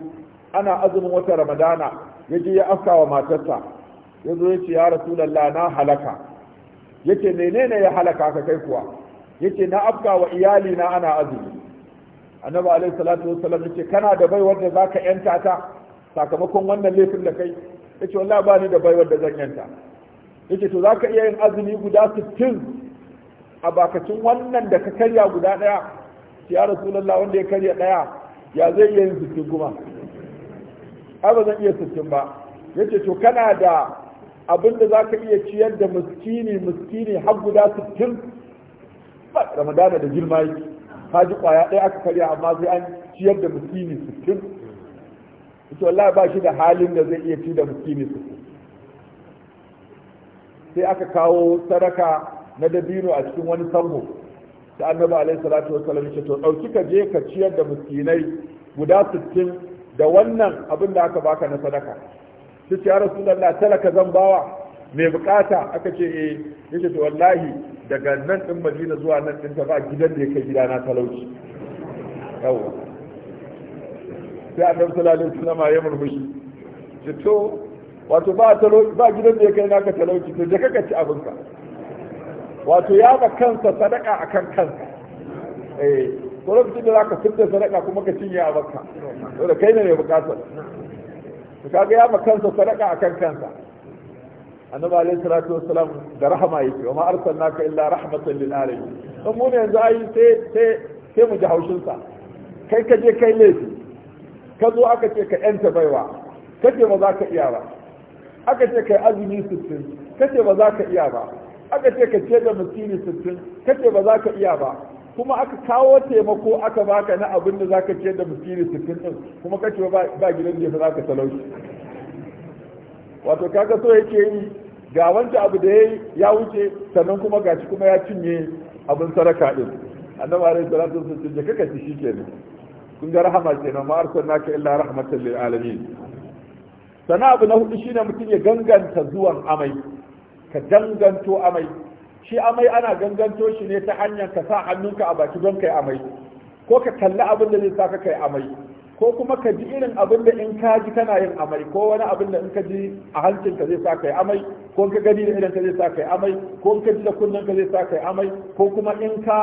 ana azumin wata ramadana ya je ya afka wa matarsa ya zo ya ce ya rasulallah na halaka yace menene ya halaka ka kai kuwa yace na afka wa iyali na ana azumi annabi alaihi salatu wassalam yace kana da bai wanda zaka yanta ta sakamakon wannan laifin da kai yace wallah ba ni da baiwar da zan yanta yace to za ka iya yin azumi guda 60 a bakacin wannan da ka karya guda daya ya rasulullah wanda ya karya daya ya zai iya yin 60 kuma ai ba zan iya 60 ba yace to kana da abin da za ka iya ciyar da miskini miskini har guda 60 ramadana da girma yake ka kwaya ɗaya aka karya amma sai an ciyar da miskini 60 ita wallahi ba shi da halin da zai iya ci da miskini su sai aka kawo sadaka na dabino a cikin wani sambo ta annaba alaihi salatu wasallam ce to dauki ka je ka ciyar da miskinai guda sittin da wannan abin da aka baka na sadaka sai ce ya rasulullah talaka zan bawa mai bukata aka ce eh yace to wallahi daga nan din Madina zuwa nan din ta ba gidan da yake gidana talauci yawa sai ɗan sallallahu suna ma ya murmushi ce to wato ba talauci ba gidan da ya kai naka talauci to je kaka abinka wato ya ba kansa sadaka a kan kansa eh to lokacin da zaka fitta sadaka kuma ka cinye a baka to da kai ne mai bukatar to kaga ya ba kansa sadaka a kan kansa annabi alaihi salatu wassalam da rahama yake wa ma arsalnaka illa rahmatan lil alamin mun yanzu ai sai sai sai mu ji haushin sa kai ka je kai laifi ka zo aka ce ka yanta baiwa kace ba za ka iya ba aka ce ka azumi sittin kace ba za ka iya ba aka ce ka ce da mutini sittin kace ba za ka iya ba kuma aka kawo taimako aka baka na abin da za ka ce da mutini sittin din kuma kace ba gidan jefa za ka talauci wato kaga so yake yi ga wancan abu da yayi ya wuce sannan kuma gashi kuma ya cinye abin saraka din annabi alaihi salatu wasallam ya kaka shi kenan kun ga rahama kenan na arsalnaka illa rahmatan lil alamin sana abu na hudu shine mutum ya ganganta zuwan amai ka danganto amai shi amai ana ganganto shi ne ta hanyar ka sa hannunka a baki don kai amai ko ka kalli abin da zai sa ka kai amai ko kuma ka ji irin abin da in ka ji kana yin amai ko wani abin da in ka ji a hancinka zai sa kai amai ko in ka gani da irin ka zai sa kai amai ko in ka ji da kunnen ka zai sa kai amai ko kuma in ka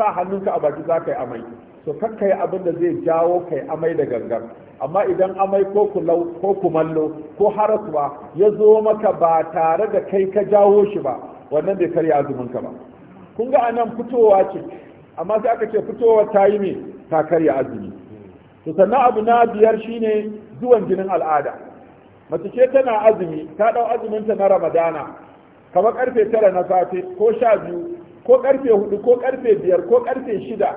sa hannunka a baki za kai amai to kakka abin da zai jawo kai amai da gangan amma idan amai ko kulau ko kumallo ko harasuwa ya zo maka ba tare da kai ka jawo shi ba wannan bai karya azumin ka ba kun ga anan fitowa ce amma sai aka ce fitowa ta yi ne ta karya azumi to sannan abu na biyar shine zuwan jinin al'ada mace ce tana azumi ta dau azumin ta na ramadana kamar karfe tara na safe ko sha biyu ko karfe hudu ko karfe biyar ko karfe shida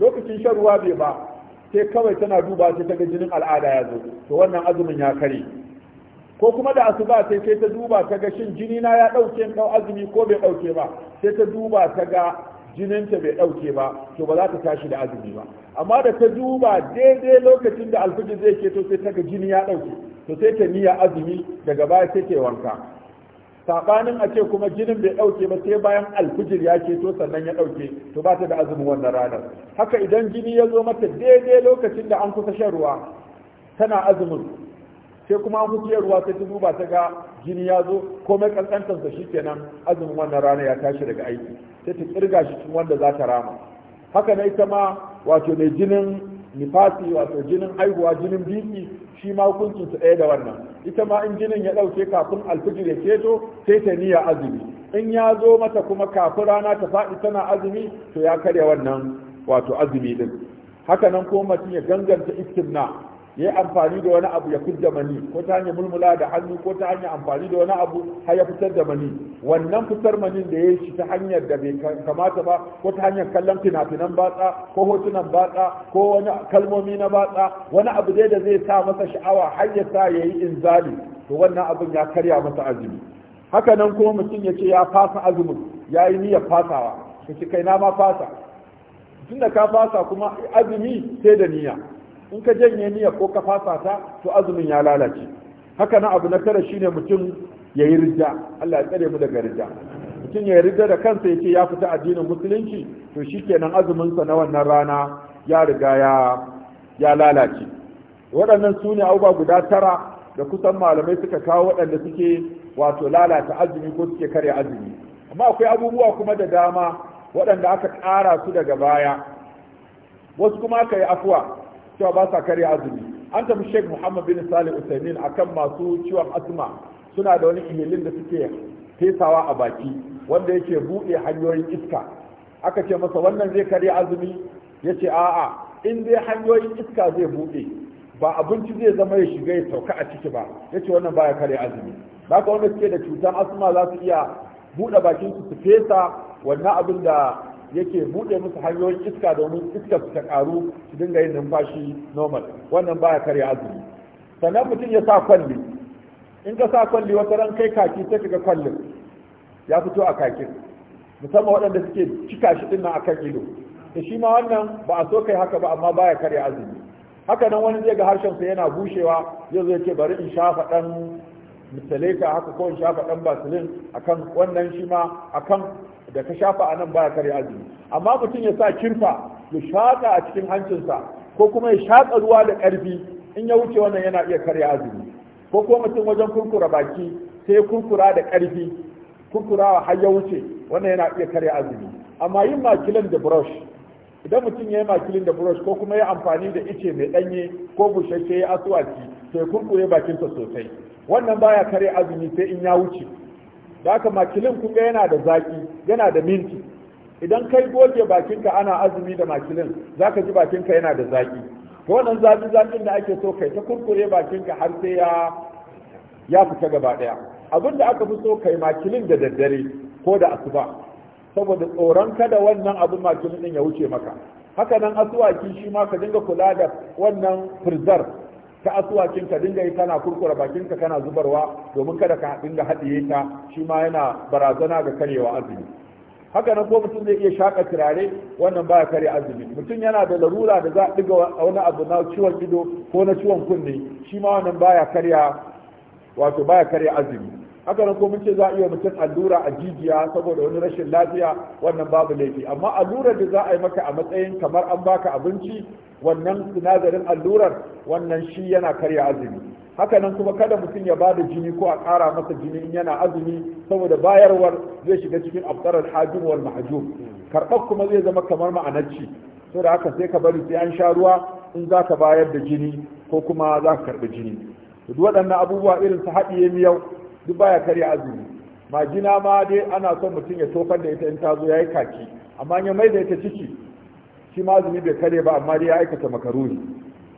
lokacin shan ruwa bai ba sai kawai tana duba sai ta ga jinin al'ada ya zo to wannan azumin ya kare ko kuma da asuba sai sai ta duba ta ga shin jini na ya dauke in azumi ko bai dauke ba sai ta duba ta ga jinin ta bai dauke ba to ba za ta tashi da azumi ba amma da ta duba daidai lokacin da alfijir zai keto sai ta ga jini ya dauke to sai ta niyya azumi daga baya sai ta wanka sabanin a ce kuma jinin bai dauke ba sai bayan alfijir ya ce to sannan ya dauke to ba ta da azumin wannan ranar haka idan jini ya zo mata daidai lokacin da an kusa shan ruwa tana azumin sai kuma an kusa ruwa sai ta duba ta ga jini ya zo komai shi ke shikenan azumin wannan rana ya tashi daga aiki sai ta kirga shi cikin wanda za ta rama haka na ita ma wato mai jinin nifasi wato jinin haihuwa jinin biki shi ma hukuncin su ɗaya da wannan ita ma in jinin ya ɗauke kafin alfijir ya keto sai ta niyya azumi in ya zo mata kuma kafin rana ta faɗi tana azumi to ya karya wannan wato azumi din haka nan ko mutum ya ganganta istimna ya yi amfani da wani abu ya fitar mani ko ta hanyar mulmula da hannu ko ta hanyar amfani da wani abu har ya fitar da mani wannan fitar manin da ya shi ta hanyar da bai kamata ba ko ta hanyar kallon fina-finan batsa ko hotunan batsa ko wani kalmomi na batsa wani abu dai da zai sa masa sha'awa har ya sa ya yi inzali to wannan abin ya karya masa azumi haka nan kuma mutum ya ce ya fasa azumin ya yi niyyar fasawa ka kai na ma fasa tunda ka fasa kuma azumi sai da niyya in ka janye niyya ko ka fafata to azumin ya lalace haka na abu na tara shine mutum ya yi ridda Allah ya tsare mu daga rida mutum ya ridda da kansa yace ya fita addinin musulunci to shikenan azumin sa na wannan rana ya riga ya ya lalace waɗannan su ne guda tara da kusan malamai suka kawo waɗanda suke wato lalata azumi ko suke karya azumi amma akwai abubuwa kuma da dama waɗanda aka ƙara su daga baya wasu kuma aka yi afuwa cewa ba sa karya azumi an tafi sheikh muhammad bin salih usaimin kan masu ciwon asma suna da wani ihilin da suke fesawa a baki wanda yake buɗe hanyoyin iska aka ce masa wannan zai karya azumi ya ce a'a in dai hanyoyin iska zai buɗe ba abinci zai zama ya shiga ya sauka a ciki ba ya ce wannan baya karya azumi haka wanda suke da cutar asma za su iya buɗe bakin su su fesa wannan abin da yake buɗe musu hanyoyin iska domin iska su ta ƙaru su dinga yin numfashi normal wannan baya karya azumi sannan mutum ya sa kwalli in ka sa kwalli wata ran kai kaki sai kaga kwallin ya fito a kakin musamman waɗanda suke cika shi a akan ido da shi ma wannan ba a so kai haka ba amma baya karya azumi haka nan wani zai ga harshen sa yana bushewa ya zo ce bari in shafa dan ka haka ko in shafa dan basilin akan wannan shi ma akan da ka shafa a nan baya karya azumi amma mutum ya sa kirfa ya shaƙa a cikin hancinsa ko kuma ya shaƙa ruwa da ƙarfi in ya wuce wannan yana iya karya azumi ko kuma mutum wajen kurkura baki sai ya kurkura da ƙarfi kurkurawa har ya wuce wannan yana iya karya azumi amma yin makilin da brush idan mutum ya yi makilin da brush ko kuma ya amfani da ice mai ɗanye ko bushashe ya to sai kurkure bakinsa sosai wannan baya karya azumi sai in ya wuce da haka makilin kuka yana da zaki yana da minti idan kai goge bakinka ana azumi da makilin za ka ji bakinka yana da zaki ko wannan zaki zakin da ake so kai ta kurkure bakinka har sai ya ya fita gaba daya abin da aka fi so kai makilin da daddare ko da asuba saboda tsoron kada wannan abin makilin din ya wuce maka haka nan asuwaki shi ma ka dinga kula da wannan firzar ta asuwakin ka dinga yi kana kurkura bakinka kana zubarwa domin kada ka dinga haɗiye ta shi ma yana barazana ga karewa azumi haka nan ko mutum zai iya shaka turare wannan baya kare azumi mutum yana da larura da za a diga wani abu na ciwon ido ko na ciwon kunne shi ma wannan baya karya wato baya karya azumi haka nan ko mun ce za a iya mutum allura a jijiya saboda wani rashin lafiya wannan babu laifi amma allurar da za a yi maka a matsayin kamar an baka abinci wannan sinadarin allurar wannan shi yana karya azumi haka nan kuma kada mutum ya bada jini ko a ƙara masa jini in yana azumi saboda bayarwar zai shiga cikin abtarar hajjum wal mahjum karɓar kuma zai zama kamar ma'anarci da haka sai ka bari sai an sha ruwa in za ka bayar da jini ko kuma za ka karɓi jini duk waɗannan abubuwa irin su haɗiye miyau duk baya karya azumi majina ma dai ana son mutum ya tofar da ita in ta zo ya yi kaki amma ya mai da ita ciki shi ma azumi bai karya ba amma dai ya aikata makaruni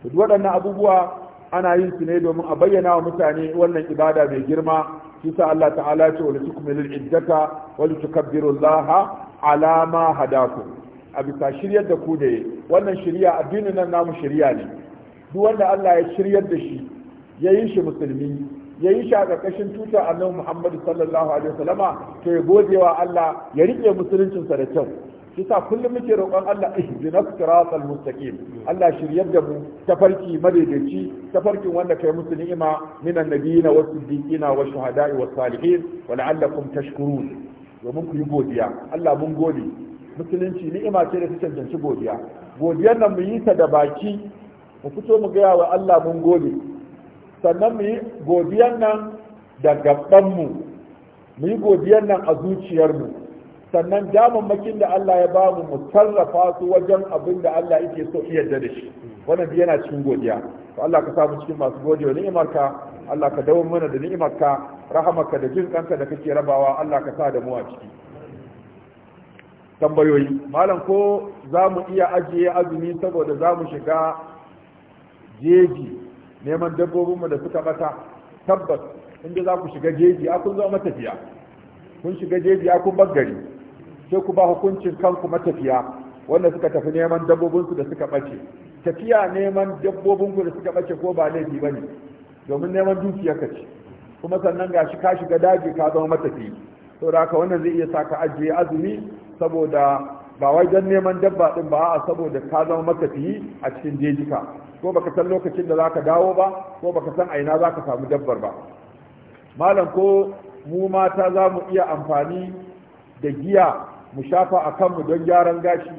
duk waɗannan abubuwa ana yin su ne domin a bayyana wa mutane wannan ibada mai girma kisa Allah ta'ala ce wa litukmilul iddata wa litukabbirullaha ala ma hadakum a bisa shiryar da ku da wannan shirya addinin nan namu shirya ne duk wanda Allah ya shiryar da shi ya yi shi musulmi ya yi shagakashin tutar annabi muhammadu sallallahu alaihi wasallama to ya gode wa allah ya riƙe musuluncinsa da kyau kisa kullum muke roƙon Allah eh ihdinas siratal mustaqim Allah shiryar da mu tafarki madaidaici tafarkin wanda kai musu ni'ima minan nabiyina was siddiqina was shuhada'i was salihin wa la'allakum tashkurun domin ku yi godiya Allah mun gode musulunci ni'ima ce da ta cancanci godiya godiyar nan mu yi ta da baki mu fito mu gaya wa Allah mun gode sannan mu yi godiyan nan da gabanmu mu yi godiyan nan a zuciyarmu sannan damammakin da Allah ya ba mu mu sarrafa su wajen abin da Allah yake so iya da shi wannan yana cikin godiya to Allah ka samu cikin masu godiya ni'imarka Allah ka dawo mana da ni'imarka rahamarka da jin kanka da kake rabawa Allah ka sa da mu a ciki tambayoyi malam ko za mu iya ajiye azumi saboda za mu shiga jeji neman dabbobinmu da suka bata tabbas inda za ku shiga jeji a kun zo matafiya kun shiga jeji a kun bangare. sai ku ba hukuncin kanku matafiya wanda suka tafi neman dabbobinsu da suka bace tafiya neman dabbobinku da suka bace ko ba laifi ba ne domin neman dukiya ka ci, kuma sannan gashi ka shiga daji ka zama matafi saboda haka wannan zai iya sa ka ajiye azumi saboda ba wai don neman dabba din ba a saboda ka zama matafiyi a cikin jejika ko baka san lokacin da zaka dawo ba ko baka san aina zaka samu dabbar ba malam ko mu mata za mu iya amfani da giya mu shafa a kanmu don gyaran gashi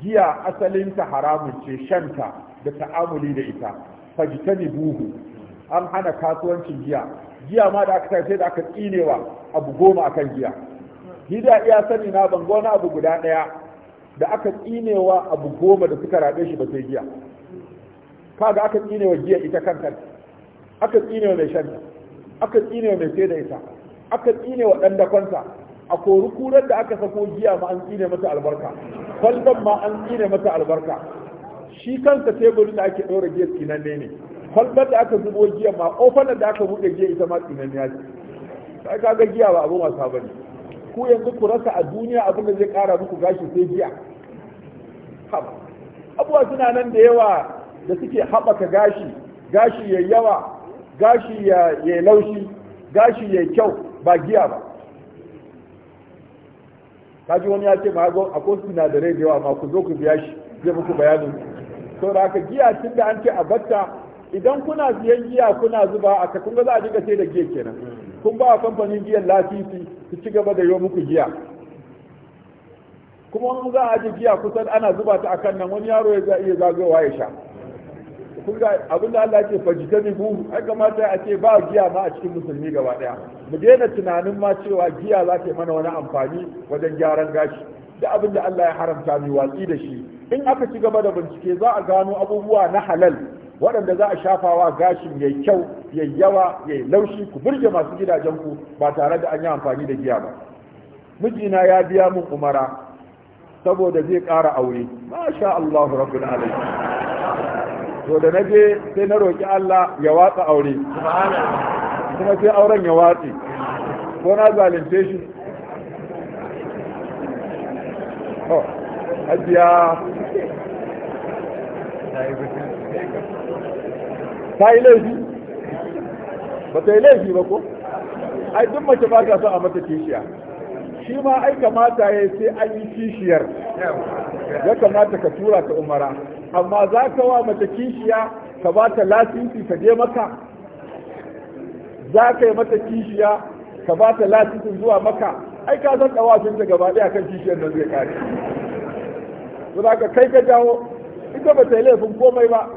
giya asalinta haramun ce shanta da ta'amuli da ita fajitani buhu an hana kasuwancin giya giya ma da aka tafe da aka tsinewa abu goma akan giya gida iya sani na bango na abu guda ɗaya da aka tsinewa abu goma da suka rabe shi ba sai giya kaga aka tsinewa giya ita kanta aka tsinewa mai shanta aka tsinewa mai sai da ita aka tsinewa dan dakonta a kori kurar da aka sako giya ma an tsine mata albarka kwalban ma an tsine mata albarka shi kansa teburin da ake ɗora giya tsinanne ne kwalban da aka zubo giya ma ofanar da aka buɗe giya ita ma tsinanne ya ce sai kaga giya ba abu masu bane ku yanzu ku rasa a duniya abin da zai kara muku gashi sai giya abuwa suna nan da yawa da suke haɓaka gashi gashi ya yawa gashi ya laushi gashi ya kyau ba giya ba kaji wani ya ce ma a akwai sinadarai da yawa ma ku zo ku biya shi zai muku bayanin to da aka giya tun da an ce a batta idan kuna siyan giya kuna zuba a kun za a jika sai da giya kenan kun ba kamfanin giyan lasisi su ci gaba da yi muku giya kuma in za a ji giya kusan ana zuba ta akan nan wani yaro ya iya zagowa ya sha kun ga Abinda Allah ya ce fajita ni bu ai kamata a ce ba giya ma a cikin musulmi gaba daya mu daina tunanin ma cewa giya za ta mana wani amfani wajen gyaran gashi da abinda Allah ya haramta mu watsi da shi in aka ci gaba da bincike za a gano abubuwa na halal waɗanda za a shafawa gashin yayi kyau yayi yawa yayi laushi ku burge masu gidajen ku ba tare da an yi amfani da giya ba mijina ya biya min umara saboda zai ƙara aure masha Allah rabbul alamin to da naje sai na roki Allah ya watsa aure kuma sai auren ya watsi. ko na zalunce shi oh hajiya ta yi laifi ba ta yi laifi ba ko ai duk mace ba ta so a mata kishiya shi ma ai kamata ya sai an yi kishiyar ya kamata ka tura ta umara amma za ka wa mata kishiya ka ba ta lasisi ka je maka za ka yi mata kishiya ka ba ta lasisin zuwa maka ai ka san kawafin ta gaba daya kan kishiyar nan zai kare za ka kai ka jawo ita ba ta yi laifin komai ba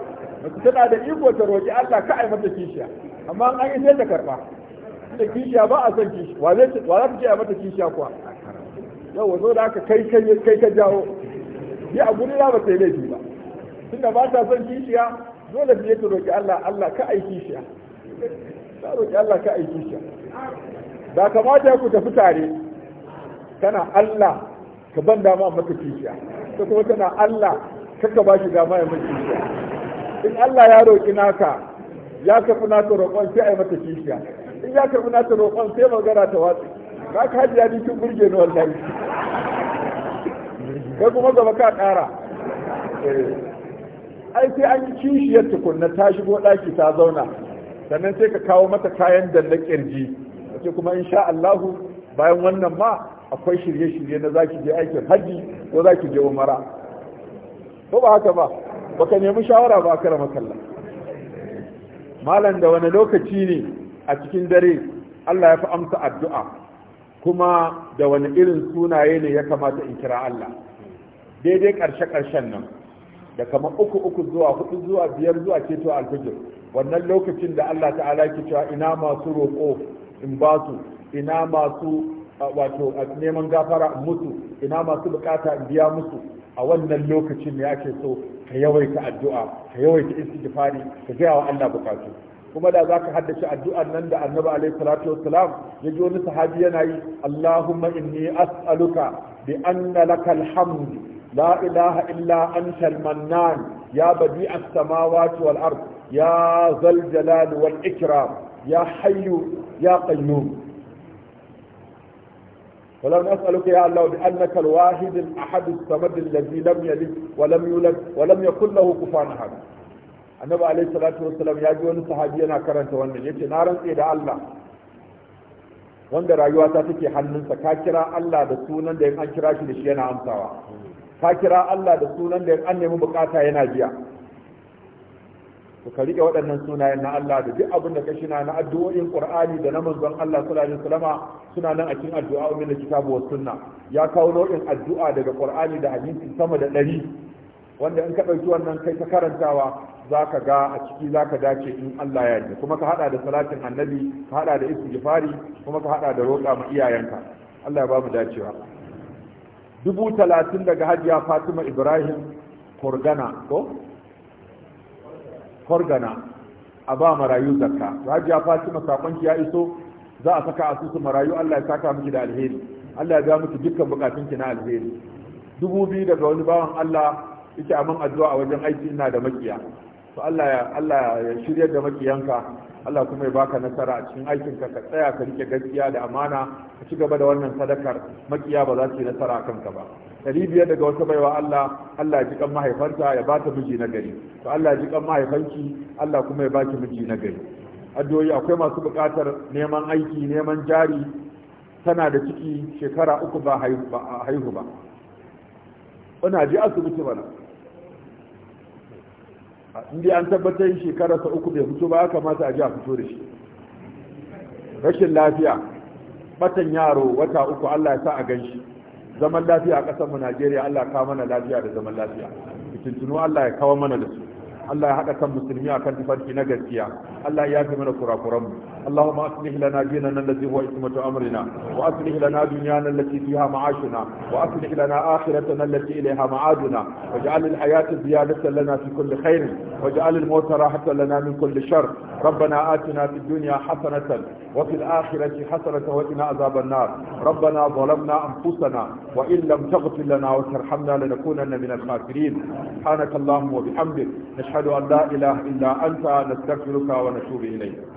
mace tana da iko ta roƙi Allah ka ai mata kishiya amma an yi sai ta karɓa da kishiya ba a son kishiya wa za ta ce a mata kishiya kuwa yau wazo da aka kai kai kai ka jawo ya a guri za ba ta yi laifi ba tunda ba ta son kishiya dole sai ta roƙi Allah Allah ka ai kishiya ta roƙi Allah ka ai kishiya da kamata ku tafi tare tana Allah ka ban dama mata kishiya ta kuma tana Allah kaka ba shi dama ya mai kishiya in Allah ya roƙi naka ya karɓi naka roƙon sai a yi mata kishiya in ya karɓi naka roƙon sai magana ta watsi ba ka hajiya ya kin burge ni wallahi kai kuma gaba ka ƙara eh. ai sai an yi kishiyar tukunna ta shigo ɗaki ta zauna sannan sai ka kawo mata kayan da na ƙirji sai kuma in sha Allahu bayan wannan ma akwai shirye-shirye na zaki je aikin hajji ko zaki je umara ko ba haka ba baka nemi shawara ba kara makalla malam da wani lokaci ne a cikin dare Allah ya fi amsa addu'a kuma da wani irin sunaye ne ya kamata in kira Allah daidai karshe-karshen nan da kama uku uku zuwa hudu zuwa biyar zuwa ceto alfijir wannan lokacin da Allah ta'ala ke cewa ina masu roƙo in ba su ina masu wato neman gafara in mutu, ina masu bukata in biya musu a wannan lokacin ne ake so ka yawaita addu'a ka yawaita istighfari ka gaya wa Allah bukatu kuma da zaka haddace addu'ar nan da Annabi alaihi salatu wassalam ya ji wani sahabi yana yi Allahumma inni as'aluka bi anna lakal hamd la ilaha illa anta al-mannan ya badi'a as-samawati wal ard ya zal jalal wal ikram ya hayyu ya qayyum ولم نسألك يا الله بأنك الواحد الأحد الصمد الذي لم يلد ولم يولد ولم يكن له كفوا أحد النبي عليه الصلاة والسلام يا جوان صحابي أنا كرنت وانا يتي نارا إلى الله wanda rayuwa ta take hannunsa ka kira Allah da sunan da an kira shi da shi yana amsawa ka kira Allah da sunan da an nemi bukata yana biya ka rike waɗannan sunayen na Allah da duk abin da ka shina na addu'o'in ƙur'ani da na manzon Allah sallallahu alaihi wasallama suna nan a cikin addu'a min kitabu was sunna ya kawo nau'in addu'a daga Qur'ani da hadisi sama da ɗari wanda in ka ɗauki wannan kai ta karantawa za ka ga a ciki za ka dace in Allah ya yi kuma ka hada da salatin annabi ka hada da istighfari kuma ka haɗa da roƙa ma iyayenka Allah ya ba mu dacewa dubu talatin daga hajiya fatima ibrahim kurgana ko horgana a ba marayu zakka rajiya fatima sakonki ya iso za a saka asusun marayu Allah ya saka miki da alheri Allah ya ga miki dukkan bukatunki na alheri dubu biyu daga wani bawan Allah yake amin addu'a a wajen aiki ina da makiya to Allah ya Allah ya shiryar da makiyanka Allah kuma ya baka nasara a cikin aikin ka ka tsaya ka rike gaskiya da amana ka ci gaba da wannan sadakar makiya ba za su yi nasara a kanka ba dari biyar daga wata baiwa Allah Allah ya ji kan mahaifanta ya bata miji na gari to Allah ya ji kan mahaifanki Allah kuma ya baki miji na gari addu'o'i akwai masu buƙatar neman aiki neman jari tana da ciki shekara uku ba haihu ba ina je asibiti bana inda an tabbatar shekara sa uku bai fito ba kamata a ji a fito da shi rashin lafiya batan yaro wata uku Allah ya sa a gan shi zaman lafiya a ƙasar mu Najeriya Allah ya kawo mana lafiya da zaman lafiya fitintunu Allah ya kawo mana da su Allah ya haɗa kan musulmi akan tafarki na gaskiya Allah ya yafi mana kurakuranmu اللهم أصلح لنا ديننا الذي هو عصمة أمرنا وأصلح لنا دنيانا التي فيها معاشنا وأصلح لنا آخرتنا التي إليها معادنا واجعل الحياة زيادة لنا في كل خير واجعل الموت راحة لنا من كل شر ربنا آتنا في الدنيا حسنة وفي الآخرة حسنة وقنا عذاب النار ربنا ظلمنا أنفسنا وإن لم تغفر لنا وترحمنا لنكونن من الخاسرين سبحانك اللهم وبحمدك ashhadu an la ilaha illa anta nastaghfiruka wa natubu